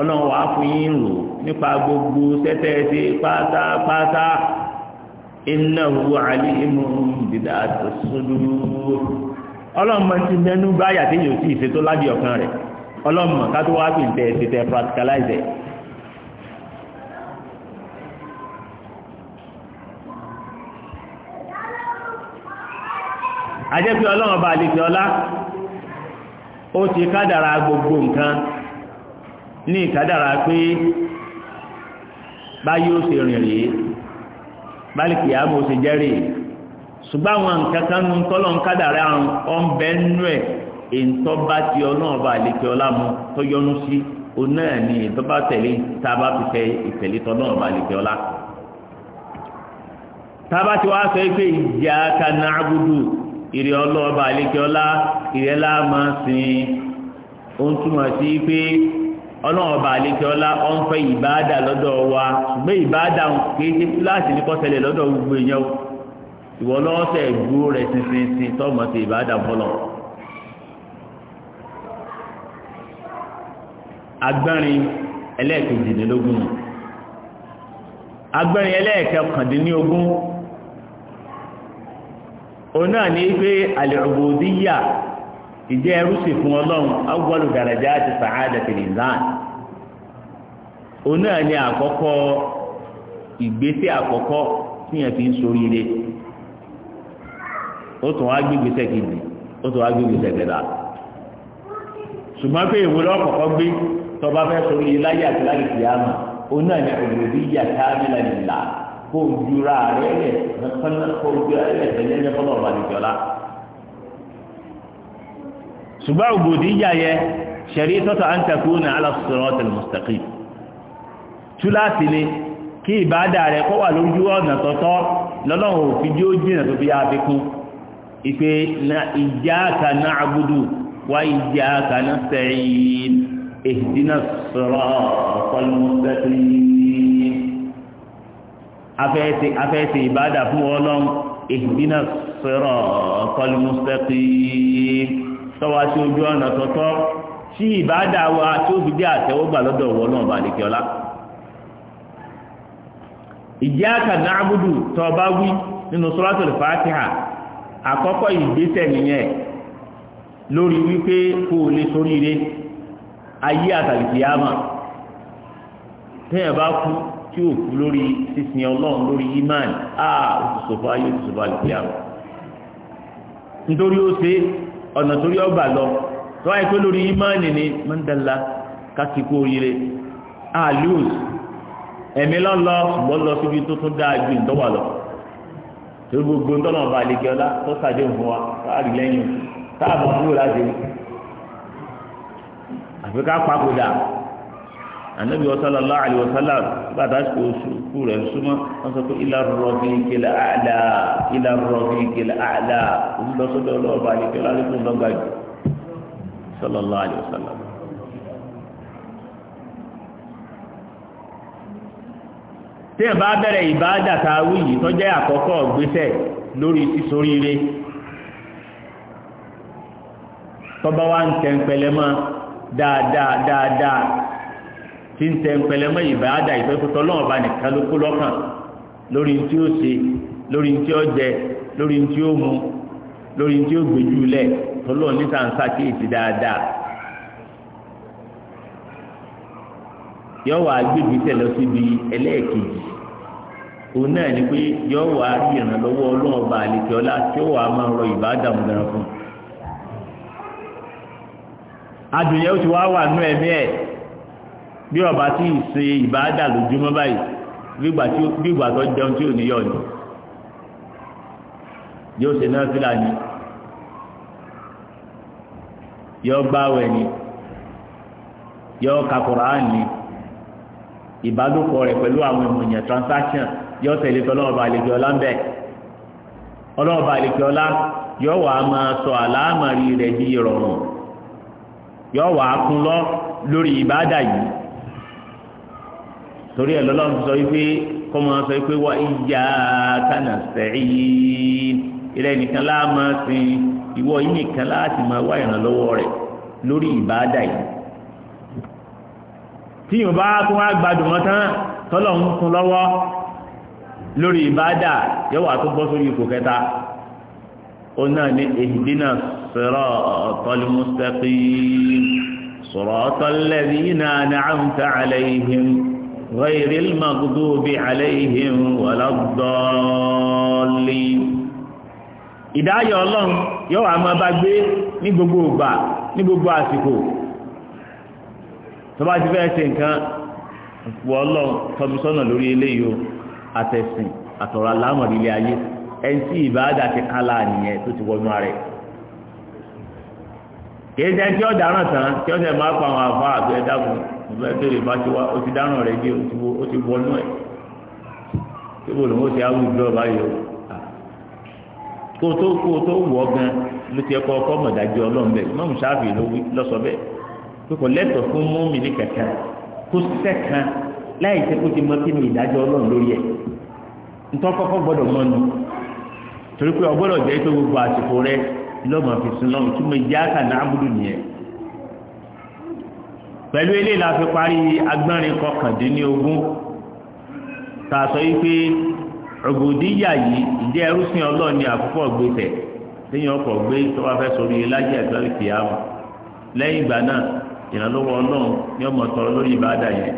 ọlọ́run wàá fún yín rò nípa gbogbo sẹ́tẹ́ sí pátápátá innahu alimun bid'ati sudur ọlọ́mọ ti mẹ́nu báyà tí yóò sì ṣètò lábì ọ̀kan rẹ̀ ọlọ́mọ ká tó wá pè ń tẹ̀ ṣètẹ̀ practicalize ẹ̀. ọlọ́run bá lè fi ọlá ó ti kádàrà gbogbo nǹkan ní ìkádàrà pé bayo ó ṣe rìn rèé ṣe jẹ́rì ṣùgbọ́n àwọn nǹkan kan tọ́lọ̀ ń kádàrà ẹ̀ bá ti ọba ọlá mu sí ní tẹ̀lé tá a bá fi tẹ ìtẹ̀lé tọ́lọ́run bá àlejò ọlá tába ti wàá sọ pé ìjà ka nàábùdù ìrẹ̀ ọlọ́ọ̀bà ọlá sí pé ọlọ́run ọba àlejò ọlá ọ̀n fẹ́ ìbáàdà lọ́dọ̀ wa ṣùgbọ́n ìbáàdà kìí ṣe kíláàsì ní kọ́sẹ̀lẹ̀ lọ́dọ̀ gbogbo èèyàn ìwọ lọ́sẹ̀ dúró rẹ̀ ṣinṣinṣin tọ́mọ̀ sí ìbáàdà fọlọ́. agbẹ́rin ẹlẹ́ẹ̀kejìdínlógún agbẹ́rin ẹlẹ́ẹ̀kẹkàndínlógún òun náà ní pé àlẹ́ ìjẹ́ ẹrú sì fún ọlọ́run awọ́lù dàrájà àti sàádà tìlìzán òun náà ni àkọ́kọ́ ìgbésẹ̀ àkọ́kọ́ tíyẹn fi ń soríire ó tún wá gbégbèsè kejì ó tún wá gbégbèsè kẹta ṣùgbọ́n pé ìwúlọ́ kọ̀ọ̀kan gbé tọba fẹ́ soríire láyé àti láyé kìámà òun náà ni òbí yà káàmìlà kó jura rẹ̀ kó jura rẹ̀ fọlọ́ ṣùgbọ́n ubudiyya yẹ sharitatu an takuna ala siratil mustaqim túláàsì ni kí ìbáàdà rẹ̀ kó wà lójú ọ̀nà tọ́tọ́ lọ́lọ́run ò fi jó jìnà tó fi àfikún ìpè iyyaka na'budu wa iyyaka nasta'in ihdina siratal mustaqim afẹ́ẹ̀sẹ̀ ìbáàdà fún ọlọ́run ihdina siratal mustaqim tọ́wọ́ sí ojú ọ̀nà tọ́tọ́ tí ìbáàdà wa tí ó fi dé àtẹ́wọ́gbà lọ́dọ̀ wọ́ náà bá lékè ọlá iyyaka na'budu tọ́ba wí nínú suratul fatiha àkọ́kọ́ ìgbésẹ̀ nìyẹn lórí wípé kó o lè ṣoríire ayé àtàlìkìyàmà tẹ́yẹ̀ bá kú tí ò kú lórí sísìn ọlọ́run lórí imán àà òtùsọ̀fọ́ ayé òtùsọ̀fọ́ àlìkìyàmà nítorí ó ṣe é ọ̀nà torí ọgbà lọ tó wáyé pé lórí ìmánì ni mọ́ndàlá kásìkò oríire àlùs ẹ̀mí lọ́lọ́ ṣùgbọ́n lọ síbi tó tún dáa ju ìtọ́wà lọ torí gbogbo ń tọ́nà ọba àlejò ọlá tó sàdé òfin wa káàrí lẹ́yìn táàbù kúrò láti àfi ká papòdà anabi sallallahu alaihi wasallam gbàdá sí oṣù kú rẹ̀ súnmọ́ wọ́n sọ pé ila rafiqil a'la ila rafiqil a'la òun lọ sọ́dọ̀ ọlọ́ọ̀bà àlejò alẹ́kùn lọ́gbà jù sallallahu alaihi wasallam. tí ẹ̀ bá bẹ̀rẹ̀ ìbáàdà tààwí yìí tó jẹ́ àkọ́kọ́ gbésẹ̀ lórí ìsoríire tọ́bá wá ń tẹ̀ ń pẹlẹ́mọ́ dáadáa dáadáa tí ń tẹ ńpẹlẹmọ ìbáàdà ìfẹ́kùtọ́ lọ́wọ́ bá nìkan ló kó lọ́kàn lórí tí ó ṣe lórí tí ó jẹ lórí tí ó mu lórí tí ó gbèjú lẹ̀ tọ́lọ́ ní sàǹsà kí èsì dáadáa. yọ wá gbèbí tẹ̀lọ síbi ẹlẹ́ẹ̀kejì òun náà ni pé yọ wá rí ìrànlọ́wọ́ ọlọ́run ọba àlejò ọlá tí ó wà máa rọ fún un. adùn yẹn ó ti wá wà nú bí ọba tí ì ṣe lójúmọ́ báyìí bí ìgbà tó jẹun tí ò ní ni yóò ṣe náà sílà ni yóò gbáwẹ̀ ni ni ìbálòpọ̀ rẹ̀ pẹ̀lú àwọn èèyàn transaction yóò tẹ̀lé tọ́ ọba àlejò ọlá ń bẹ̀ àlejò sọ rẹ̀ di ìrọ̀rùn wà á kún lọ lórí yìí. torí ẹ̀ lọ́lọ́run sọ wípé kọ́ máa sọ wípé wá ìyá kánà sẹ́yìn ilẹ̀ nìkan láàmà sí ìwọ yìí nìkan láti máa wá ìrànlọ́wọ́ rẹ̀ lórí ìbáàdà yìí tí yóò bá tún wá gbádùn mọ́ tán tọ́lọ̀ ń kún lọ́wọ́ lórí ìbáàdà yóò wà tó bọ́ sórí ipò kẹta ó náà ní ihdina siratal mustaqim siratal ladhina an'amta alayhim. غير المغضوب عليهم ولا الضالين ìdáyọ̀ ọlọ́run bá gbé ní gbogbo ìgbà ní gbogbo àsìkò tó ti fẹ́ ṣe nǹkan ọlọ́run lórí eléyìí àtẹ̀sìn àtọ̀rọ̀ ayé ẹni tí ti nìyẹn tó ti tán pa àwọn ìgbà tó lè bá ti wá o ti dáràn rẹ̀ gé o ti wọnú ẹ̀ tí mo lòun ó ti awùjọ báyìí o kó tó kó tó wọ̀ gan ló ti ẹ̀kọ́ ọkọ́ mọ̀dájú ọlọ́run bẹ́ẹ̀ mọ́mú sáfì ló wí lọ́sọ bẹ́ẹ̀ pé kò lẹ́tọ̀ fún múmi ní kẹ̀kẹ́ kó sẹ́kàn láì ṣe kó ti mọ kí ni ìdájọ́ ọlọ́run lórí ẹ̀ ntọ́ kọ́kọ́ gbọ́dọ̀ mọ́ nu torí pé ọgbọ́dọ̀ jẹ́ pé gbogbo àsìkò rẹ lọ́mọ fi sin lọ́run túmọ̀ ìjà kà náà búdú nìyẹn pẹ̀lú ilé la fi parí agbọ́nrin kọkàndínlógún tá a sọ yìí pé ọ̀gbọ̀dìyà yìí ìjẹ́ ẹrúsìn ọlọ́ọ̀ni àkọ́kọ́ gbèsè lẹ́yìn ọkọ̀ gbé tó bá fẹ́ sórí ilájí ẹ̀gbọ́n ìfìyàwó lẹ́yìn ìgbà náà ìrànlọ́wọ́ ọlọ́run ni ọmọ tọrọ lórí ìbáadà yẹn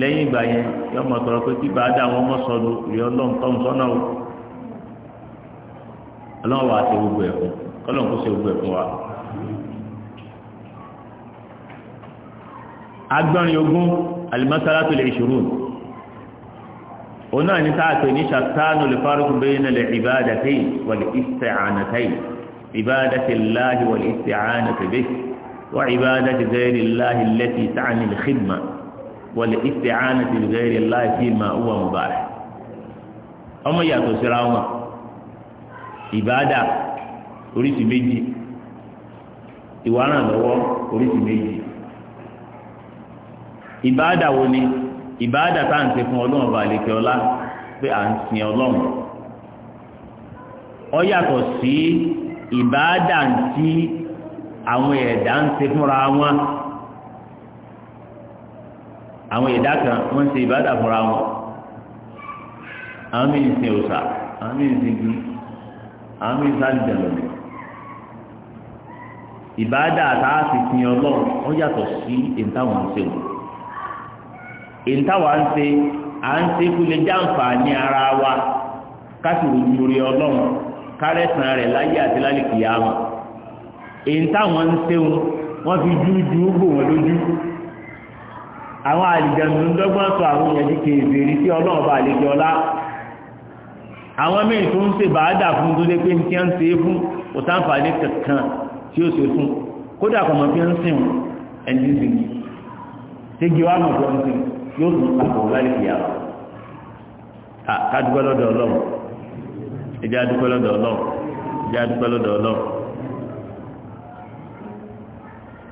lẹ́yìn ìgbà yẹn ni ọmọ tọrọ pé kí ìbáadà wọn mọ̀ sọ́dọ̀ rí ọlọ́run tọ́hún sọ́nà o ọlọ́run wà á ṣe gbogbo ẹ̀kọ́ kọ́lọ́run kó ṣe gbogbo ẹ̀kọ́ wa. agbọ́nrin ogún alimasalatu lè ṣòro ona ni ta sáàtò ní ṣàtánù lè fárúkú bẹ́ẹ̀ náà lè ìbáadàtẹ́ wàlẹ̀ ìsẹ̀ánàtẹ́ ìbáadàtẹ́ láàhì wàlẹ̀ ìsẹ̀ánàtẹ́ bẹ́ẹ̀ wà ìbáadàtẹ́ gẹ́rẹ́ láàhì lẹ́tì sáàni lè xidma wàlẹ̀ ìsẹ̀ánàtẹ́ gẹ́rẹ́ láàhì fi ma wà mú báyìí. ọmọ to síra wọn ìbáadà oríṣi méjì ìwárànlọ́wọ́ oríṣi méjì ìbáàdà wo ni ìbáàdà tá à ń ṣe fún ọlọ́run ọba àlèkè ọlá pé à ń sin ọlọ́run ó yàtọ̀ sí ìbáàdà tí àwọn ẹ̀dá ń ṣe fúnra wọn àwọn ẹ̀dá kan wọ́n ń ṣe ìbáàdà fúnra wọn àwọn mí ń sin òòṣà àwọn mí sin gbin àwọn mí ń sáré ìbáàdà tá a sì sin ọlọ́run ó yàtọ̀ sí èyí táwọn ìntàwà ń se à ń se ní ara wa káṣí lórí ọlọ́run kárẹ́sàn rẹ̀ láyé àti lálẹ́kìyà wọn ìntàwọn ń ṣe wọn wọ́n fi jújú wọn lójú àwọn àlìjẹ̀nù ń dọ́gbọ́n sọ àwọn èèyàn di kèèfè rí sí ọlọ́run bá àlejò ọlá àwọn míì tó ń bàádà fún tó lé pé ń tí ó fún yóò tún papọ̀ láì fi lọ́dọ̀ ọlọ́run ẹjẹ́ adúpẹ́ lọ́dọ̀ ọlọ́run ẹjẹ́ adúpẹ́ lọ́dọ̀ ọlọ́run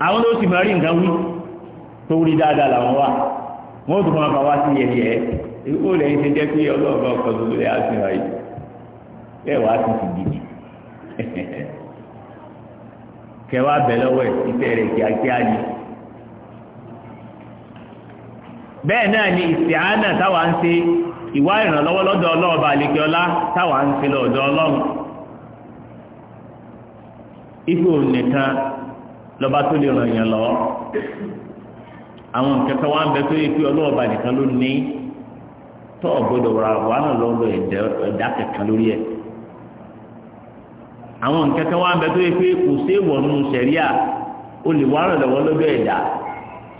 àwọn ló sì máa rí nǹkan wí tó rí dáadáa làwọn wọn ò tún máa bá wá sí yẹyẹ ó lẹ́yìn ṣe pé ọlọ́run bá ọkọ̀ lórí àti ìwà yìí bẹ́ẹ̀ wá sí ti gidi [laughs] kẹwàá bẹ̀ lọ́wọ́ ẹ̀ ìfẹ́ rẹ̀ bẹ́ẹ̀ náà ni ìsìáánà táwa ń ṣe ìwá ìrànlọ́wọ́ lọ́dọ̀ ọlọ́ọ̀bà àlèkè ọlá ń ṣe lọ́dọ̀ ọlọ́run ipò nìkan lọ́ba tó lè ràn yàn lọ́wọ́ àwọn nǹkan wá ń bẹ tó yẹ kí ọlọ́ọ̀bà nìkan ló ní tọ́ ọ̀gbọ́dọ̀ wà wà lọ́dọ̀ ẹ̀dá kẹ̀kẹ́ lórí ẹ̀ àwọn nǹkan wá ń bẹ tó yẹ kí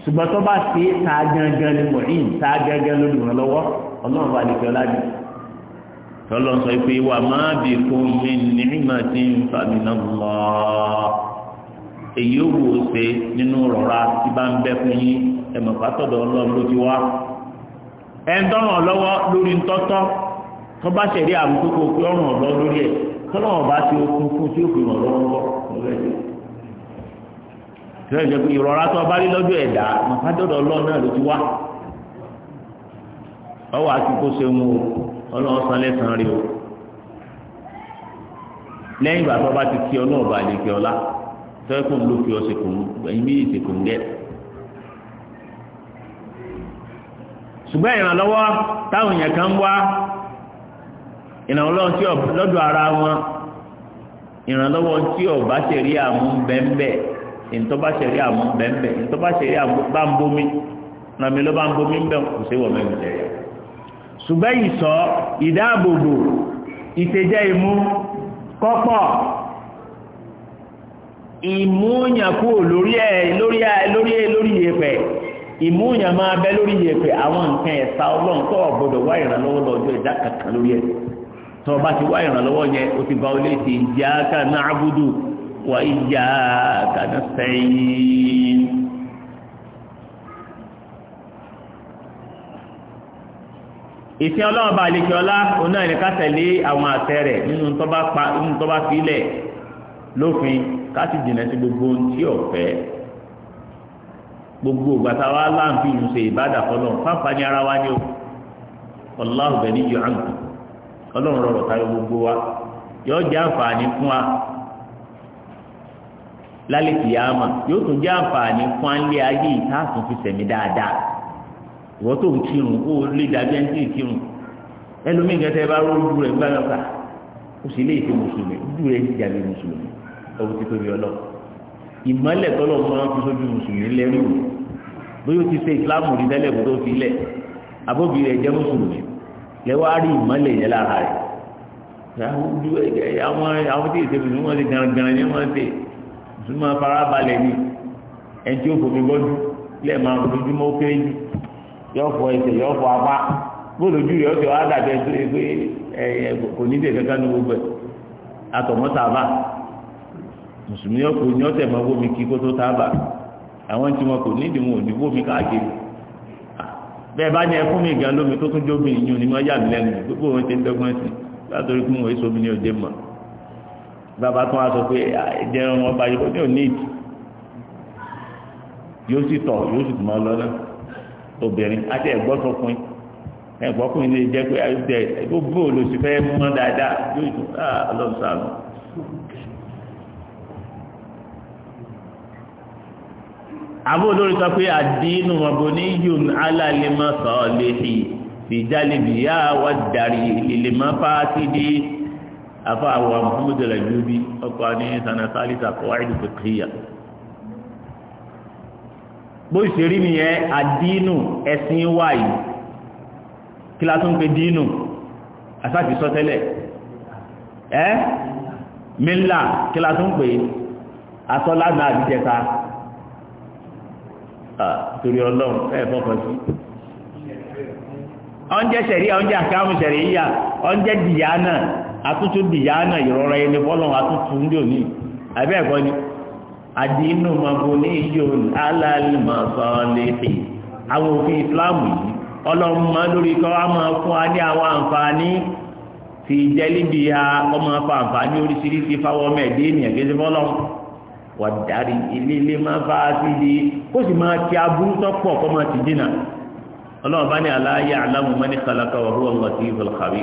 ṣùgbọ́n tó bá ṣe é ta gangan ni mọ̀ọ́yìn ta gangan ló lù wọ́n lọ́wọ́ ọlọ́run bá lè fi ọlá jù tọ́lọ́ sọ pé wà má bì kún mi nígbà tí ń fa mi náà lọ. èyí ò wò ṣe nínú rọra tí bá ń bẹ fún yín ẹ̀mọ̀ pátọ́dọ̀ ọlọ́run ló ti wá. ẹ ń dọ́ràn lọ́wọ́ lórí ntọ́tọ́ tó bá ṣẹ̀rí àrùn kókó pé ọ̀ràn ọ̀lọ́ lórí ẹ̀ tọ́lọ́ ọ̀bá ti okun fún tí ó fi ràn lọ́wọ́ lọ́wọ́ tẹ́lẹ̀ jẹ́ pé ìrọ̀rá tó bá rí lọ́dọ̀ ẹ̀dá màkàdọ́dọ̀ ọlọ́run náà ló ti wá ọwọ́ àti kó ṣe mú ọlọ́run san rí o lẹ́yìn ìgbà tó bá ti kí ọlọ́run bá lè kí ọlá tẹ́lẹ̀ kó ń ọ ara wọn ìrànlọ́wọ́ tí àmú bẹ́ẹ̀ bẹ́ẹ̀ ntọ́ba ṣẹ̀rí àmú bẹ́ẹ̀nbẹ́ ntọ́ba ṣẹ̀rí àmú nàmi ló bá ń bomi bẹ́ẹ̀ kò sí wọ́n mẹ́rin ṣẹ̀rí. ṣùgbọ́n ìsọ ìdáàbòbò ìtẹ̀jẹ́ ìmú kọ́pọ̀ ìmúyànkú lórí ẹ̀ lórí ẹ̀ lórí ẹ̀ lórí ìyẹ̀pẹ̀ ìmúyàn máa bẹ lórí àwọn nǹkan ẹ̀sà ọlọ́run tó ọ̀gbọ́dọ̀ wá ìrànlọ́wọ́ lọ́jọ́ ìdá kankan lórí ti wá ìrànlọ́wọ́ yẹn ti وإياك نستعين ìfẹ́ ọlọ́run bá lè kí ọlá òun náà ní ká tẹ̀lé àwọn àtẹ rẹ̀ nínú tó bá pa nínú tó bá filẹ̀ lófin ká sì jìnnà sí gbogbo ohun tí ọ̀fẹ́ gbogbo ògbàtà wa láǹfì ṣe ìbádà fọlọ́ fáfá ní ara wa ní o ọlọ́run bẹ̀ ní yọ àǹtí ọlọ́run rọrọ̀ tayọ gbogbo wa yọ jẹ́ àǹfààní fún wa lálẹ́ kìyàmà yóò tún jẹ́ àǹfààní fún alẹ ayé ìtàkùn fi sẹmí dáadáa ìwọ tó ń kírun ó lè dàbí ẹni tí ì kírun ẹlòmíì kẹtẹ bá rọ ojú rẹ gbára ká ó sì lè ṣe mùsùlùmí ojú rẹ ti dàbí mùsùlùmí ọwọ́ ti tóbi ọlọ ìmọ́lẹ̀ tọlọ mọ wọn fi sójú mùsùlùmí lẹrú bóyá o ti ṣe ìsìlámù rí tẹ́lẹ̀ kó tó fi lẹ abóbi rẹ jẹ́ mùsùlùmí lẹwọ á rí ìmọ́lẹ̀ yẹn lára rẹ àwọn ojú ẹ àwọn àwọn tí ì ní máa fara balẹ̀ ni ẹni tí ó fomi bọ́jú lẹ́ẹ̀ máa lójúmọ́ ó kéré jù yọ fọ ẹsẹ̀ yọ fọ apá bóòlù ojú rẹ̀ ó ti wá dàbẹ̀ tó yẹ pé ẹ kò ní dè kankan ní gbogbo ẹ̀ atọ̀mọ́ tábà mùsùlùmí ọkọ̀ ní ọ̀tẹ̀ máa wọ́mi kí kó tó tábà àwọn tí wọn kò ní ìdìmọ̀ òdìbò mi káàkiri bẹ́ẹ̀ bá ní ẹ fún mi ìgbà lómi tó tún jóbi ìyún ni wọ́n yà mí lẹ́nu gbogbo wọn ti ń dọ́gbọ́n sí látòrí fún wọn èso mi ní òde mọ́ bàbá tó wá sọ pé ìjẹun ọba yìí ó ní ìdí yóò sì tọ̀ yóò sì tùmọ̀ lọ́nà obìnrin àti ẹ̀gbọ́ sọkùnrin ẹ̀gbọ́kùnrin lè jẹ́ pé ayọ́dẹ gbogbo olùsí fẹ́ mọ́ dáadáa yóò tún ká ọlọ́sàánù. àbó olórí sọ pé àdínú ọ̀bọ ní yun alálẹ́mọ́sọ̀ọ́lẹ́hìn fìjálẹ̀bìyà wà dàrí ìlẹ̀mọ́fà sídìí afa awa muhammadu alajubi ọkọ ní sana salisa kọwáìdì fìkìyà bó ìṣèrí nìyẹn àdínù ẹ̀sìn wáyé kí la tún pe dínù asáfi sọtẹ́lẹ̀ ẹ́ mílà kí la tún pe asọ́lánà àdìjẹta torí ọlọ́run ẹ̀ fọ́kàn sí ọ̀njẹ́ sẹ̀ríà ọ̀njẹ́ àkàmù sẹ̀ríà ọ̀njẹ́ dìyà náà atútù dìyà náà ìrọ̀rọ̀ ẹni fọ́lọ́run atútù ń dò ní àbẹ́ ẹ̀kọ́ ni àdínú mabuni yòn alálìmọ̀sọ́lẹ́sì àwọn òfin ìsìláàmù yìí ọlọ́run máa lórí kọ́ a máa fún wa ní àwọn àǹfààní fi jẹ́líbi ha ọmọ afa àǹfààní oríṣiríṣi fáwọn ọmọ ẹ̀dẹ́ ènìyàn kí ẹ ti ilé ilé máa fa síbi kó sì máa ti aburú tọ́pọ̀ kọ́ máa ti dínà ọlọ́run bá ní aláyé alámùmọ́ ní kálákà wà hùwà lọ́tí ìfọ̀lọ́kàwé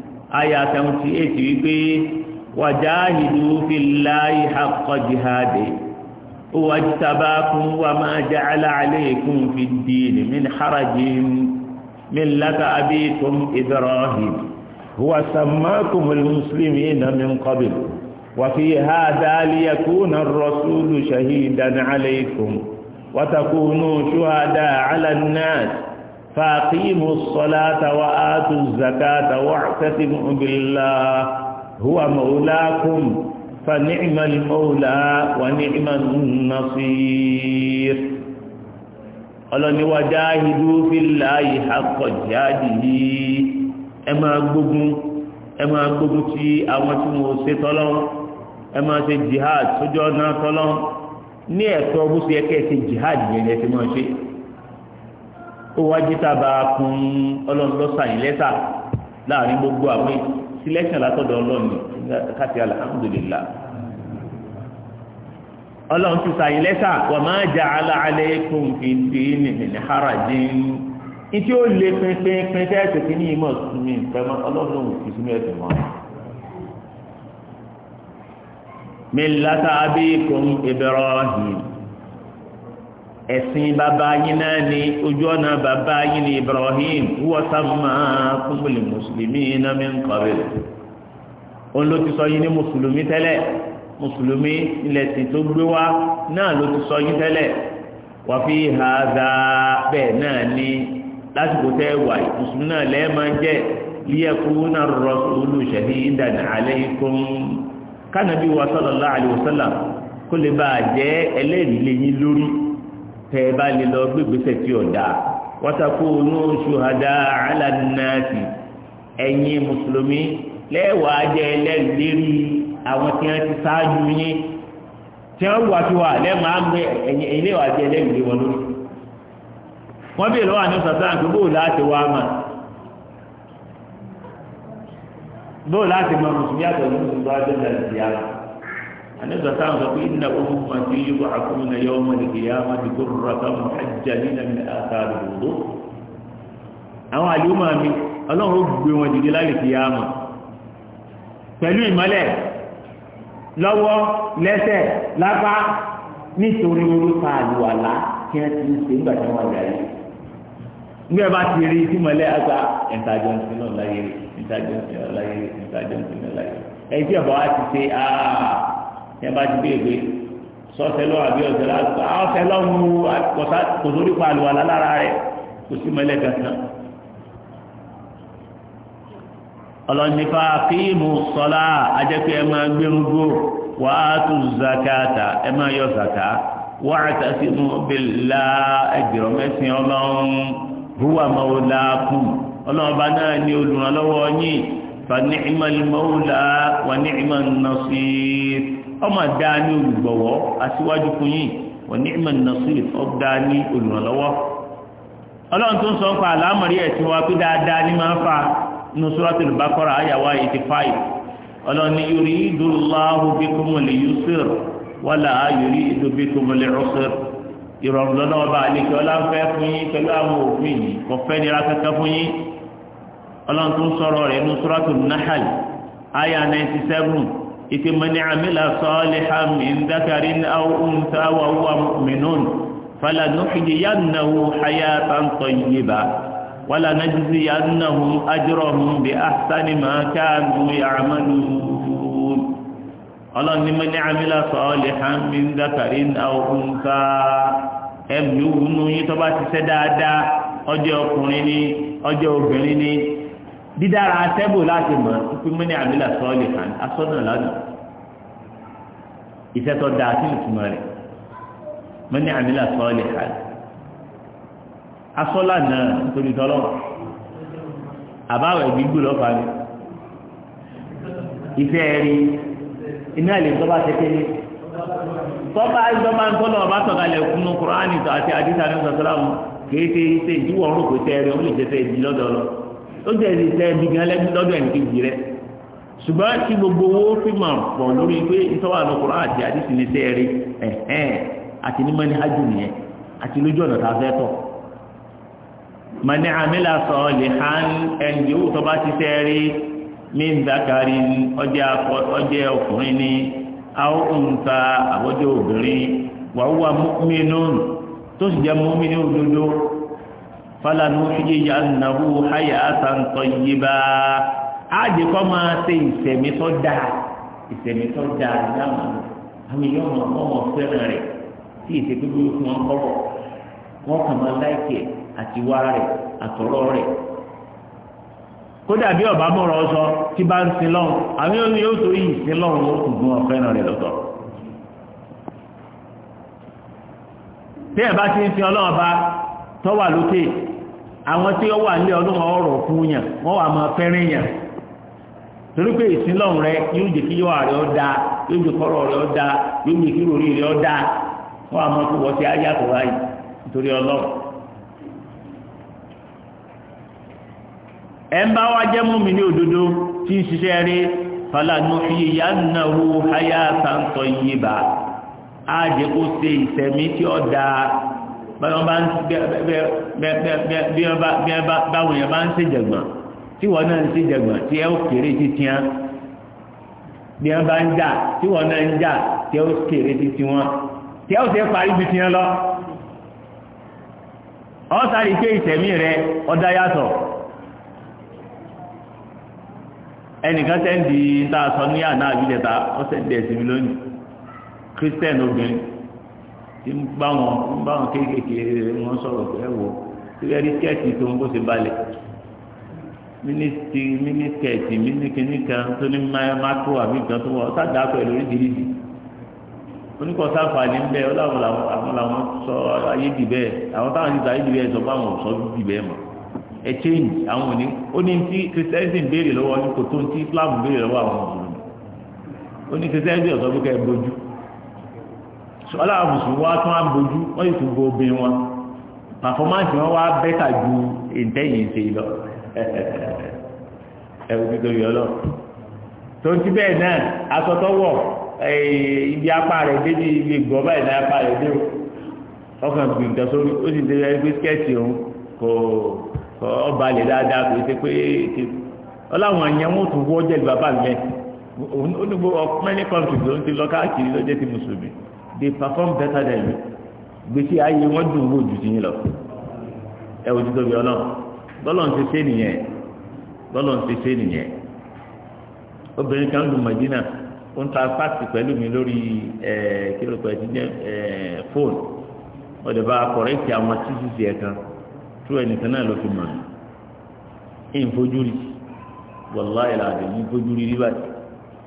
aya seventy eight wípé wàjáhìdú fìláyì haqqa jihadi wà ijtabakum wa ma ja'ala alaykum fi din min harajin millata abikum ibrahim huwa sammakum al-muslimina min qabl وفي هذا ليكون الرسول شهيدا عليكم وتكونوا شهداء على الناس فاقيموا الصلاة وآتوا الزكاة واعتصموا بالله هو مولاكم فنعم المولى ونعم النصير ọlọ́ni wà jáhìdú fi láàyè àkọ̀jáàdìí ẹ máa gbógun ẹ máa gbógun tí àwọn tí wọ́n ṣe tọ́lọ́n ẹ máa ṣe jihad sójọ́ náà tọ́lọ́n ní ẹ̀tọ́ bó ṣe ẹkẹ́ ṣe jihad yẹn ẹ ti máa ṣe ó wájú tábà kún ọlọ́run lọ́sàn-án lẹ́sà láàrin gbogbo àwọn sílẹ́sìn látọ̀dọ̀ ọlọ́run káti alhamdulillah ọlọ́run ti sàyí lẹ́sà wa ma ja'ala alaykum fid dini min harajin ìtí ó lé pínpín tẹ́ẹ̀sì kí ní ìmọ̀ mi nǹkan ọlọ́run lòun fi sínú ẹ̀sìn mọ́. millata abikum Ibrahim ẹ̀sìn bàbá yín náà ni ojú ọ̀nà bàbá yín ni Ibrahim wọ́sà máa kúmùlì mùsùlùmí náà mi ń kọ̀wé òun ló ti sọ yín ní mùsùlùmí tẹ́lẹ̀ mùsùlùmí ilẹ̀ sì tó gbé wá náà ló ti sọ yín tẹ́lẹ̀ wà fi hàdà bẹ́ẹ̀ náà ni lásìkò tẹ́ wà mùsùlùmí náà lẹ́ẹ̀ máa ń jẹ́ liyakuna rasulu shahidan alaykum kánàbí wa sallallahu alayhi wa sallam kó lè tẹ́ ẹ bá lè lọ gbégbèsè tí ò dáa watakunu ṣuhada ala nnasi ẹ̀yin mùsùlùmí lẹ́wàá jẹ́ ẹlẹ́rìí àwọn tí wọ́n ti ṣáájú yín tí wọ́n wà tí wà lẹ́màá ń gbé ẹ̀yin lẹ́wàá jẹ́ ẹlẹ́rìí wọn lórí. wọ́n bèèrè lọ́wọ́ àná sàtàn pé bóòlù láti wá mà bóòlù láti mọ mùsùlùmí àtọ̀lù mùsùlùmí àtọ̀lù àti ìyá rẹ̀ anẹ́sọ̀ táwọn sọ pé iná ohun máa ti yíwọ́ àkúnnà yọ ọmọ nìkìyà máa ti kó rọra ká mọ ẹja nínà ní àtàrí òdó àwọn àlùmọ̀ mi ọlọ́run ó gbé wọn dìde láì kìyà mọ̀ pẹ̀lú ìmọ́lẹ̀ lọ́wọ́ lẹ́sẹ̀ lápá nítorí orúkọ àlùwàlá kí wọ́n ti ń ṣe nígbà tí wọ́n wà yìí nígbà bá ti rí tí mọ̀lẹ́ àgbà ìtajọ́ ti náà láyé ìtajọ́ ti náà láyé ìtajọ́ ti náà láyé ẹ̀jẹ̀ bọ̀ wá ti ṣe áá tí a bá ti bẹ́ẹ̀ gbé sọ́sẹ́lọ́ àbí ọ̀sẹ̀lọ́ àọ́sẹ́lọ́ ń mú kò sórí pa àlùwàlá lára rẹ̀ kò sí mọ́lẹ̀ kankan. ọlọ́nìfà kíìmù sọ́lá ajẹ́pẹ́ ẹ máa gbẹ́rún gbó wàá tù zakata ẹ máa yọ zaka wàá tàṣìmù bìlá ẹgbẹ̀rún mẹ́sìn ọlọ́run huwa mawlaakum ọlọ́run bá náà ní olùrànlọ́wọ́ yín fa ni'mal mawla wa ni'man nasir ọmọ dáa ní olùgbọ̀wọ́ aṣíwájú fún yín wọ́n ní ìmọ̀ nasir ọ̀dá ní olùrànlọ́wọ́ ọlọ́run tó ń sọ nípa àlámọ̀rí ẹ̀sìn wa pé dáadáa ní máa ń fa inú suratul Baqara àyàwó eighty five ọlọ́run ní yuridullahu bikumul yusr wala yuridu bikumul usr ìrọ̀rùn lọ́nà ọba àlejò ọláńfẹ́ kò fẹ́ nira kankan fún yín ọlọ́run ìpè mọ́ni àmìlà sọ́ọ́lẹ̀ hàmì ńdákàrí àwọn táwà wà mìíràn falanuhidi yannahu hayatan tayyiba wala najzi yannahum ajrahum bi ahsani ma kanu ya'malun ọlọ́run ní mọ́ni àmìlà sọ́ọ́lẹ̀ hàmì ńdákàrí àwọn tá yìí tó bá ti ṣe dáadáa ọjọ́ ọkùnrin ni ọjọ́ obìnrin ni dídára atẹ́bù láti mọ̀ pípín ní àmìlà sọ́ọ̀lì kan asọ́nà lánàá iṣẹ́ tó dáa sí ìtumọ̀ rẹ̀ mọ́ ní àmìlà sọ́ọ̀lì kan asọ́là náà nítorí tọ́lọ́ àbáwẹ̀ gbígbó lọ́fà mi iṣẹ́ rí iná lè tọ́ bá ṣe kéde tọ́ba ìjọba ń tọ́lọ̀ ọba tọ̀kalẹ̀ kunu kúránì àti àdìsá ní sọ̀tọ́lá mu kéde ìdíwọ̀ ń rò tẹ́ rí ó lè jẹ́ tẹ́ ìdí ó jẹ́ ìṣe ẹbí gan lọ́dọ̀ ẹ̀mí kejì rẹ̀ ṣùgbọ́n tí gbogbo owó fi máa pọ̀ lórí pé ìtọ́wà àti àdìsí sẹ́ẹ̀rì ẹ̀hẹ́n àti ní mọ́ni nìyẹn àti lójú ọ̀nà tá a fẹ́ tọ̀ mọ́ni sọ lè ha owó tó bá ti sẹ́ẹ̀rì ọjẹ́ ọkùnrin falanuhyiyannahu hayatan tayyiba áàdì kọ́ máa ṣe ìṣẹ̀mí tó dáa ìṣẹ̀mí tó dáa dáhùn àwọn èèyàn ọmọ ọmọ fẹ́ràn rẹ̀ tí èsì pípé fún wọn kọ́ bọ̀ wọn kàn máa láìkè àtiwá rẹ̀ àtọ̀rọ̀ rẹ̀ kódà bí ọba mọ̀rọ̀ ọsọ tí bá ń sin lọ́hùn àwọn èèyàn yóò torí ìsin lọ́hùn ó kùn fún wọn fẹ́ràn rẹ̀ lọ́tọ̀ tí ẹ̀ bá ti ń sin ọlọ́run tọ́wà lókè àwọn tí ó wà nílé ọdún ọ̀rọ̀ fún yàn wọ́n wà máa fẹ́rin yàn torí pé rẹ yóò jẹ́ kí rẹ yóò jẹ́ kọ́rọ̀ rẹ yóò jẹ́ kí rẹ wọ́n wà máa tó sí ayé àkọ́wá yìí nítorí ọlọ́run. ẹ̀ ń bá wá jẹ́ mú mi ní òdodo tí ń ṣiṣẹ́ rí falanu iye bí wọ́n bá ń bí wọ́n bá báwọn èèyàn bá ń ṣèjàgbọ̀n tí wọ́n náà ń ṣèjàgbọ̀n tí ẹ ó kéré títí wọn bí wọ́n bá ń jà tí wọ́n náà ń jà tí ẹ ó kéré títí wọn tí ẹ ó ṣe parí ju tiwọn lọ. ọ́n sáré pé ìtẹ̀mí rẹ ọ̀dá yàtọ̀ ẹnìkan sẹ́ndì tá a sọ ní àná àbíjẹta ó sẹ́ndì ẹ̀sìn mi lónìí kírísítẹ́nì obìnrin tí ń bá wọn ń bá wọn kéékèèké wọn sọ̀rọ̀ pé wò síbẹ̀ rí skẹ́ẹ̀tì tó ń bó ṣe balẹ̀ mínísítì mínísítẹ̀ẹ̀tì míníkíní kan tó ní mákò àbí nǹkan tó wọ ọ̀sádàá pẹ̀lú oríṣiríṣi oníkọ̀ọ́sá fàánì ń bẹ́ẹ̀ ọlọ́run làwọn làwọn sọ ayé dì bẹ́ẹ̀ àwọn táwọn ti sọ ayé dì bẹ́ẹ̀ sọ pé àwọn sọ dì bẹ́ẹ̀ mọ̀ ẹ change àwọn òní ó ní ti christianity béèrè lọ́wọ́ ní kò tó ní ti Islam béèrè lọ́wọ́ àwọn mùsùlùmí ó ní christianity ọ̀sọ́ pé ká ẹ bójú aláàbùsùn wá tún àbójú wọ́n yìí tún bo obìnrin wọn pàfọ́mánsì wọn wá bẹ́tà ju ìtẹ́yìn ṣe lọ ẹ̀wù nítorí ọlọ́ tó ti bẹ́ẹ̀ náà aṣọ tó wọ̀ ibi apá rẹ̀ dé ní ibi ìgbọ́ báyìí náà apá rẹ̀ dé o ọkàn gbìyànjú sórí ó sì débi ẹgbẹ́ skẹ́ẹ̀tì òun kò ọba lè dáadáa kò ṣe pé ọláwọn ẹ̀yẹ́ wọn tún wọ́ jẹ́ ìgbà bá mi lẹ̀ ó ní gbogbo ọkùnrin kọ́ńtù ló ń ti lọ káàkiri lọ́jọ́ ti mùsùlùmí they perform better than you gbèsè ayé wọn dùn wò jù sí yín lọ ẹ wò títọ́ bí ọlọ́run bọ́lọ̀ ń ṣe ṣe nìyẹn bọ́lọ̀ ń ṣe ṣe nìyẹn obìnrin kan lu Madina ó ń ta fáàtì pẹ̀lú mi lórí ẹ̀ kílò pẹ̀lú ẹ̀ fóònù ọ̀dẹ̀ bá kọ̀rẹ́tì àwọn títí tiẹ̀ kan tó ẹnìkan náà ló fi mọ̀ ní ìfojúrí wàláhì làdé ìfojúrí rí báyìí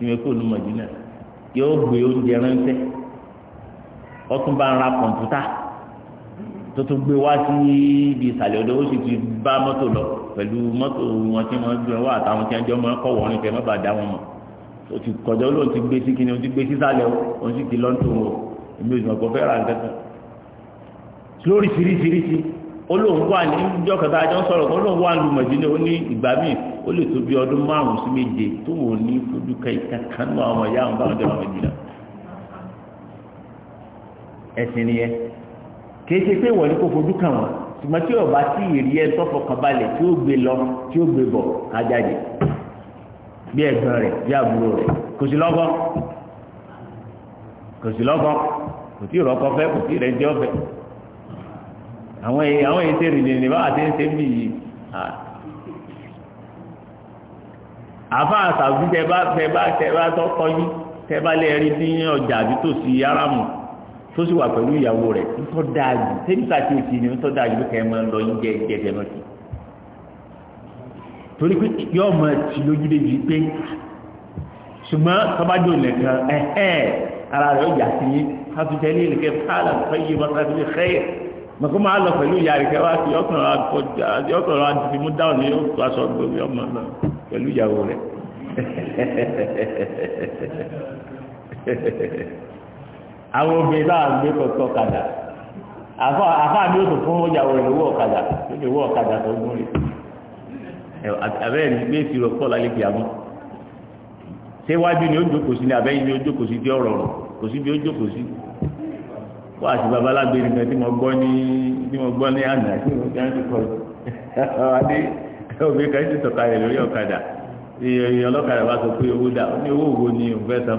ìmẹ̀kọ́ lu Madina yóò gbé oúnjẹ ránṣẹ́ ọtún bá ń ra kọ̀ǹpútà tó tún gbé wá sí ibi ìsàlẹ̀ ọ̀dọ̀ ó sì ti bá mọ́tò lọ pẹ̀lú mọ́tò wọn tí wọ́n gbé wá àtàwọn tí wọ́n jọ máa kọ̀wọ́ ní kẹ́ mọ́bàdá wọn mọ̀ ó ti kọjọ́ lóun ti gbé sí kíni ó ti gbé sísàlẹ̀ ó sì ti lọ́ńtò wọn èmi ò sì mọ̀ pé fẹ́ ra nǹkan kan lórí fìrífìrífì olóhùn wà ní ìjọ kẹta àjọ sọ̀rọ̀ kan olóhùn wà ní mọ̀jìnà ó ní ìgbà míì ó lè tó bí ọdún márùn-ún sí méje tó wò ní fojú kẹ ìkankanú àwọn ọmọ ìyá àwọn báwọn jọ àwọn ìdílé ẹ̀sìn nìyẹn kì í ṣe pé ìwọ ni kò fojú kàn wọ́n ṣùgbọ́n tí o bá tí ì rí ẹ tọ́fọ̀ kan balẹ̀ tí ó gbé lọ tí ó gbé bọ̀ kájáde bí ẹ̀gbọ́n rẹ̀ bí àbúrò rẹ̀ kò sí lọ́gọ́ kò sí lọ́gọ́ kò tí ì rọ́kọ fẹ́ kò tí ì rẹ̀ jẹ́ ọ̀fẹ́ àwọn èyí àwọn èyí tẹ̀lé nìyẹn báwa ti ń ṣe mí yìí àfa àṣàbí bá tẹ bá tẹ bá tọkọ yín tẹ bá lè rí ní ọjà àbí tòsí aráàmù tó sì wà pẹ̀lú ìyàwó rẹ̀ ńtọ́ dáa jù tẹ́lifí àti òtí ni ńtọ́ dáa jù ló kẹ́ ẹ máa ń lọ yín jẹ́ jẹ́ jẹ́ náà sí torí pé yóò mọ ti lójú débi pé ṣùgbọ́n tọ́bájú nìkan ẹ̀hẹ́ ara rẹ̀ yà sí yín káfíńtẹ́ ní ìlẹ̀kẹ́ fáàlà fẹ́yẹ mọ́tàbílẹ̀ xẹ́yẹ mọ̀kọ́ máa lọ pẹ̀lú ìyá rẹ̀ kẹwàá sí ọkùnrin àti mú dáhùn ní oṣù aṣọ gbogbo ọmọ náà pẹ̀lú ìyàwó rẹ̀ [laughs] àwọn obìnrin táwọn gbé kọ̀ọ̀kan kadà àfa mi ó sọ fún ìyàwó rẹ̀ owó ọ̀kadà ó lè wọ ọ̀kadà tó gún rè abẹ́rẹ́ ní gbé ìṣirò pọ̀ lálẹ́ kìí àmọ́ ṣé wájú ni ó jókòó sí ni abẹ́yìn ni ó jókòó sí tí ọ̀rọ̀ rọ̀ kò sí bí ó jókòó sí wọ́n àti babalágbé nìkan tí mo gbọ́ ní tí mo gbọ́ ní àná tí mo fi àǹtí kọ́ [laughs] adé obìnrin kan ti sọ̀kalẹ̀ lórí ọ̀kadà ìyọ̀yọ̀ ọlọ́kadà wa sọ pé owó dà ó ní owó ògo ni òun fẹ́ san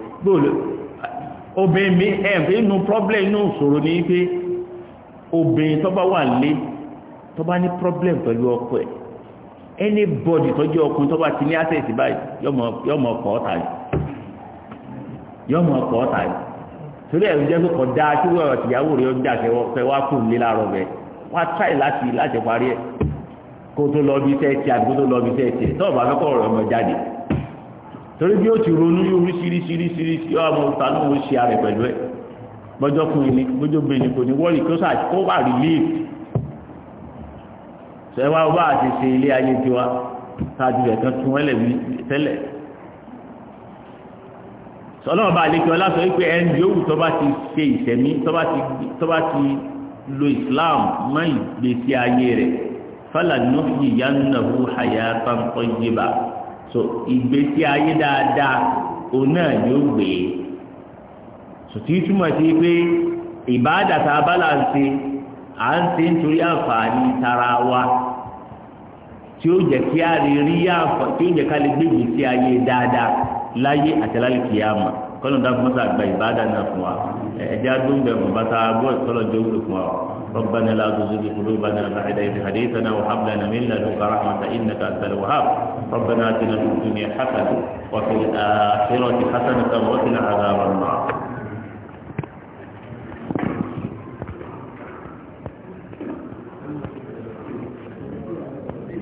obìnrin mi ẹ̀fẹ́ inú problem inú ìṣòro ní pé obìnrin tó bá wà lé tó ní problem pẹ̀lú ọkọ ẹ̀ anybody tó jẹ́ ọkùnrin tó bá ti ní access báyìí yọmọ ọkọ̀ ọ̀tà yìí torí jẹ́ dáa kí wọ́n rẹ̀ wá kù láàárọ̀ wá láti láti parí ẹ̀ kó tó lọ bí kó tó torí bí ó ti ronú yóò rí ṣiríṣiríṣiríṣi ọmọ òta náà ó ṣe ààrẹ pẹ̀lú ẹ̀ bọ́jọ́ fún ẹni bọ́jọ́ bẹ́ẹ̀ ni kò ní wọ́ọ̀lì kí ó sáà kó wà relief sẹ́wá ọba àti ṣe ilé ayé tiwa ṣáàjú rẹ̀ kan tún ẹlẹ̀ mi tẹ́lẹ̀ sọlọ́ọ̀bá àlekí ọlá sọ wípé ẹni yòówù tó bá ti ṣe ìṣẹ̀mí tó bá ti lo Islam mọ́ ìgbésí ayé rẹ̀ fálànà ìyá náà hù hayatan tayyiba so ìgbésí ayé dáadáa òun náà yóò gbé e sòtì túmọ̀ sí pé ìbáàdàtà abáláǹsì à ń ṣe nítorí àǹfààní tara wa tí ó jẹ́ kí a lè rí àǹfà tí ó jẹ́ ká lè gbé ìgbésí ayé dáadáa láyé àti lálùkìyàmà kọ́nà dáfọ́nsá gba ìbáàdà fún wa ẹ̀ẹ́dẹ́ adóńgbẹ̀mọ̀ bàtà agbóhùn kọ́lọ́jọ́ wúlò fún wa. ربنا لا تزغ قلوبنا بعد إذ هديتنا وهب لنا من لدنك رحمة إنك أنت الوهاب ربنا آتنا في الدنيا حسنة وفي الآخرة حسنة وقنا عذاب النار